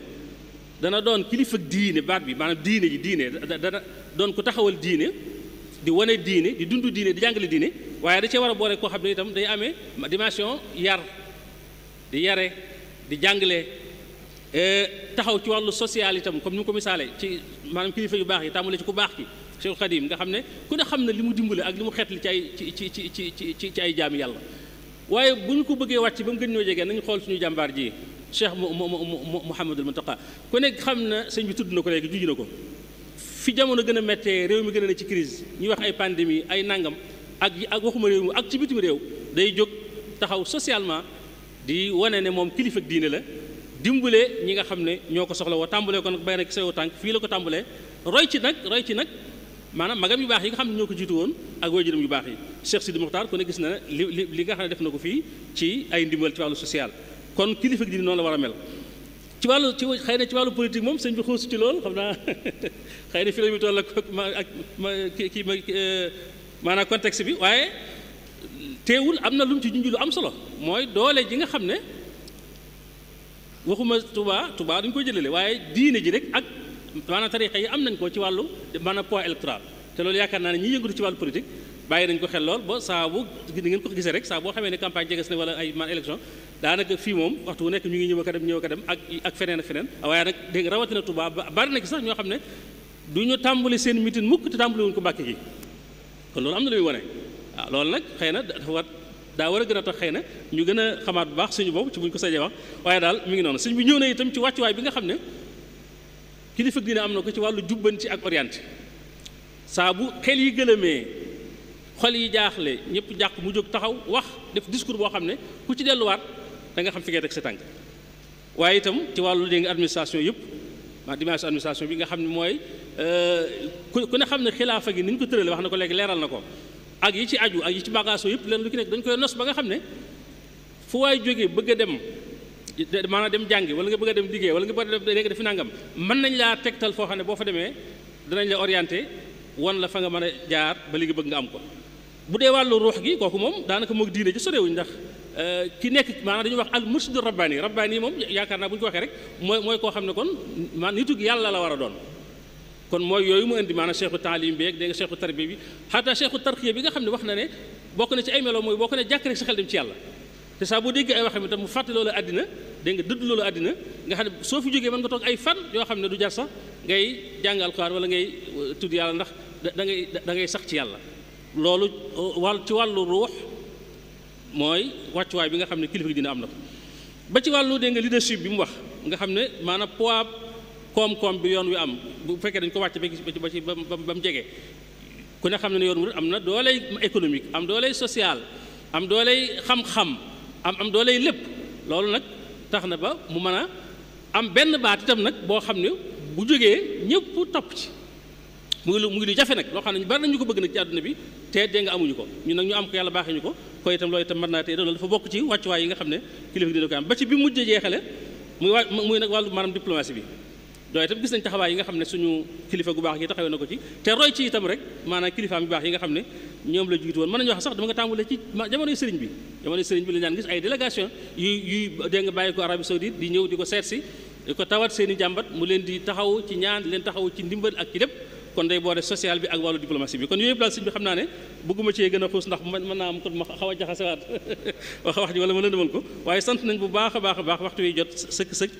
dana doon kilifa diine baat bi maanaam diine ji diine dana doon ku taxawal diine di wane diine di dund diine di jàngale diine waaye da cee war a boole koo xam ne itam day amee dimension yar di yare di jàngale euh, taxaw ci wàllu social itam comme ni ko misaale ci maanaam kilifa yu baax yi tàmmulee ci ku baax ki Cheikh Khadim nga xam ne ku ne xam na li mu dimbale ak li mu xeetli ci ay ci ci ci ci ci ci ay jaam yàlla waaye bu ñu ko bëggee wàcc ba mu gën ñoo jege nañu xool suñu jàmbaar ji Cheikh mu mu mu Mouhamadul Mountakha ku nekk xam na sëñ bi tudd na ko léegi juj na ko fi jamono gën a méttee réew mi gën a ne ci crise ñuy wax ay pandémie ay nangam ak ak waxuma réew mi ak ci bitim réew day jóg taxaw socialement di wane ne moom kilifa diine la dimbalee ñi nga xam ne ñoo ko soxla woo tàmbalee ko nag bay rek sew tànk fii la ko tàmbalee roy ci nag roy ci nag maanaam magam yu baax yi nga xam ne ñoo ko jiitu woon ak waajuram yu baax yi Cheikh Sidi Mokhtar ku ne gis na li li nga xam ne def na ko fii ci ay ndimbal ci wàllu social kon kilifa gi noonu la war a mel ci wàllu ci xëy na ci wàllu politique moom sëñ bi xuus ci lool xam naa xëy na fi la ñu toll ak ak ma kii ma euh, maanaam contexte bi waaye teewul am na lu mu ci junj lu am solo mooy doole ji nga xam ne waxuma tubaa tubaa duñ koy jëlale waaye diine ji rek ak maanaam tariqa yi am nañ ko ci wàllu maanaam poids électoral te loolu yaakaar naa ne ñi yëngatu ci wàllu politique bàyyi nañ ko xel lool ba saa bu di ngeen ko gisee rek saa boo xamee ne campagne jeges na wala ay man élection daanaka fii moom waxtu wu nekk ñu ngi ñëw a ka dem ñëw a ka ak ak feneen ak feneen waaye nag dégg rawatina Touba bari nag sax ñoo xam ne du ñu tàmbali seen mitin mukk te tàmbali wuñ ko Mbàkke gi kon loolu am na lu muy wane waaw loolu nag xëy na dafa war war a gën a tax xëy na ñu gën a xamaat bu baax suñu bopp ci ko sajee wax waaye daal mi ngi noonu suñ bi ñëw na itam ci wàccuwaay bi nga xam ne kilifa diine am na ko ci wàllu jubbanti ak orienté saa bu xel yi gëlëmee xol yi jaaxle ñëpp jàq mu jóg taxaw wax def discours boo xam ne ku ci delluwaat da nga xam fi ngay teg sa tànk waaye itam ci wàllu léegi administration yëpp ma dimension administration bi nga xam ne mooy euh, ku ne xam ne xilaafa gi ni ñu ko tërale wax na ko léegi leeral na ko ak yi ci aju ak yi ci bagaaso yëpp leen lu ki nekk dañ koy nos ba nga xam ne fu waay jógee bëgg a dem maanaam dem jàngi wala nga bëgg a dem liggéey wala nga bëgg a dem léegi defi nangam mën nañ laa tegtal foo xam ne boo fa demee danañ la orienté wan la fa nga mën a jaar ba li nga bëgg nga am ko bu dee wàllu ruux gi kooku moom daanaka moog diine ci sorewuñ ndax euh, ki nekk maanaam dañuy wax al mursidu rabbaani rabbaani moom yaakaar naa bu ñu ko waxee rek mooy mooy koo xam ne kon maanaam nitu yàlla la war a doon kon mooy yooyu mu indi maanaam cheikhu taalim bi ak dégg nga cheikhu tarbiya bi xataa cheikhu tarqiya bi nga xam ne wax na ne bokk na ci ay melo mooy boo ko ne jàkk rek sa xel dem ci yàlla te saa boo déggee ay waxam tam mu fàtte loolu àddina dégg nga dëdd loolu àddina nga xam ne soo fi jógee mën nga toog ay fan yoo xam ne du jar sax ngay jàng alxuraan wala ngay uh, tudd yàlla ndax da ngay da ngay sax ci yàlla loolu uh, wàll ci wàllu ruux mooy wàccuwaay bi nga xam ne kilifa gi dina am na ko ba ci wàllu dégg nga leadership bi mu wax nga xam ne maanaam poids koom-koom bi yoon wi am bu fekkee dañ ko wàcc ba ci ba ba mu jege ku ne xam ne yoon wu am na dooley économique am dooley social am dooley xam am am doole lépp loolu nag tax na ba mu man a am benn baat tam nag boo xam ne bu jógee ñëpp topp ci muy lu muy lu jafe nag loo xam ne ñu bari nañu ko bëgg nag ci àdduna bi te dee nga amuñu ko ñu nag ñu am ko yàlla baaxee ñu ko koy itam loolu itam mën naa tey loolu dafa bokk ci wàccuwaay yi nga xam ne kilifa gi dina ko am ba ci bi mujj jeexale muy wa muy nag wàllu maanaam diplomatie bi doy itam gis nañ taxawaay yi nga xam ne suñu kilifa gu baax gi taxawee na ko ci te roy ci itam rek maanaam kilifaam yu baax yi nga xam ne ñoom la jiitu woon mën nañu wax sax dama nga tàmbalee ci jamonoy sëriñ bi jamonoy sëriñ bi la daan gis ay délégation yuy dégg nga bàyyi ko Arabie Saoudite di ñëw di ko seet si ko tawat seen jàmbat mu leen di taxaw ci ñaan leen taxaw ci ndimbal ak ci lépp kon day boole social bi ak wàllu diplomatie bi kon yooyu yëpp daal sëñ naa ne bëgguma cee gën a xuus ndax mën naa am kon ma xaw a jaxasewaat wax wax ji wala ma lëndëmal ko waaye sant nañ bu baax a baax a baax waxtu wi jot sëkk sëkk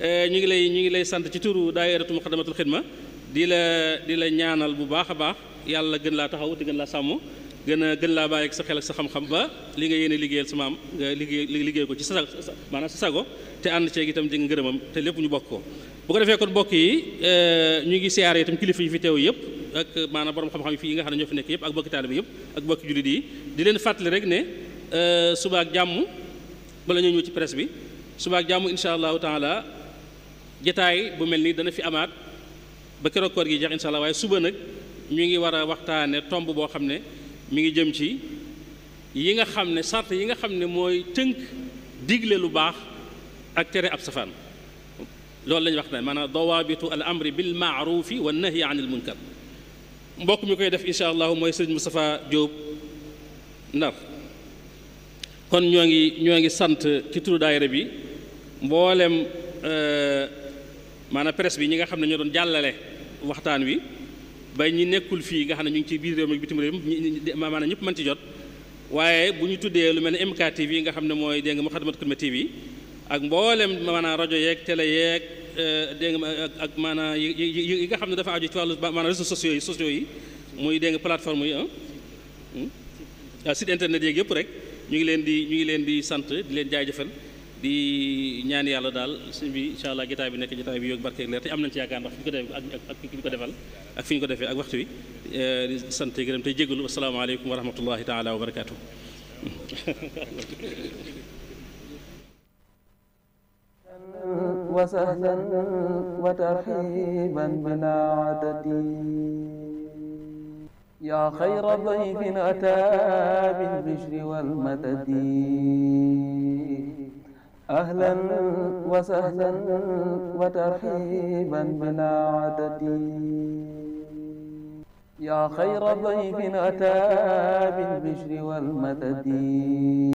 Eh, ñu ngi lay ñu ngi lay sant ci turu daayiratu muqaddamatul xidma di la di la ñaanal bu baax a baax yàlla gën laa taxaw te gën laa sàmm gën a gën laa bàyyi ak sa xel ak sa xam-xam ba li nga yéene liggéeyal sa maam nga liggéey liggéey ko ci sa maanaam sa sago te ànd ceeg itam di nga ngërëmam te lépp ñu bokk ko bu ko defee kon mbokk yi eh, ñu ngi siyaare itam kilifa yi fi yëpp ak maanaam borom xam-xam yi nga xam ne ñoo fi nekk yëpp ak bokki taalibe yëpp ak bokki di leen fàttali rek ne eh, suba ak jàmm bala ñoo ñëw ci presse bi suba jàmm incha allahu taala jataay bu mel nii dana fi amaat ba keroog koor gi jeex incha allah waaye suba nag ñu ngi war a waxtaane tomb boo xam ne mi ngi jëm ci yi nga xam ne sart yi nga xam ne mooy tënk digle lu baax ak tere ab safaan loolu lañu ñuy waxtaane maanaam dawaabitu al amri bil maarufi wa nahyi an il munkar mbokk mi koy def incha allah mooy sëriñ Moustapha Diop Ndar kon ñoo ngi ñoo ngi sant ci turu daayira bi mboolem euh, maanaam presse bi ñi nga xam ne ñoo doon jàllale waxtaan wi ba ñi nekkul fii nga xam ne ñu ngi ci biir réew mi ak bitim réew maanaam ñëpp mën ci jot waaye bu ñu tuddee lu mel ne MK TV nga xam ne mooy dégg nga Moukhaddamatoul Khidma TV ak mboolem maanaam rajo yeeg télé yeeg euh, dégg nga ak maanaam yi yi nga xam ne dafa aju ci wàllu maanaam réseaux sociaux yi sociaux yi muy dégg nga plateforme yi ah, hmm? ah site internet yeeg yëpp rek ñu ngi leen di ñu ngi leen di sant di leen jaajëfal di ñaan yàlla daal suñ bi incha allah jotaay bi nekk jotaay bi yóbbu barke leer te am nañ ci yaakaar ndax fi ko def ak fi ko defal ak defee ak waxtu wi eh, di sant gërëm tey jégalu asalaamaaleykum wa rahmatullahi taala wa barakaatu. وسهلا ahlan wa sahlan wa tarhiban bilaa adadi yaa xayra dayfin ataa bil bishri wal madadi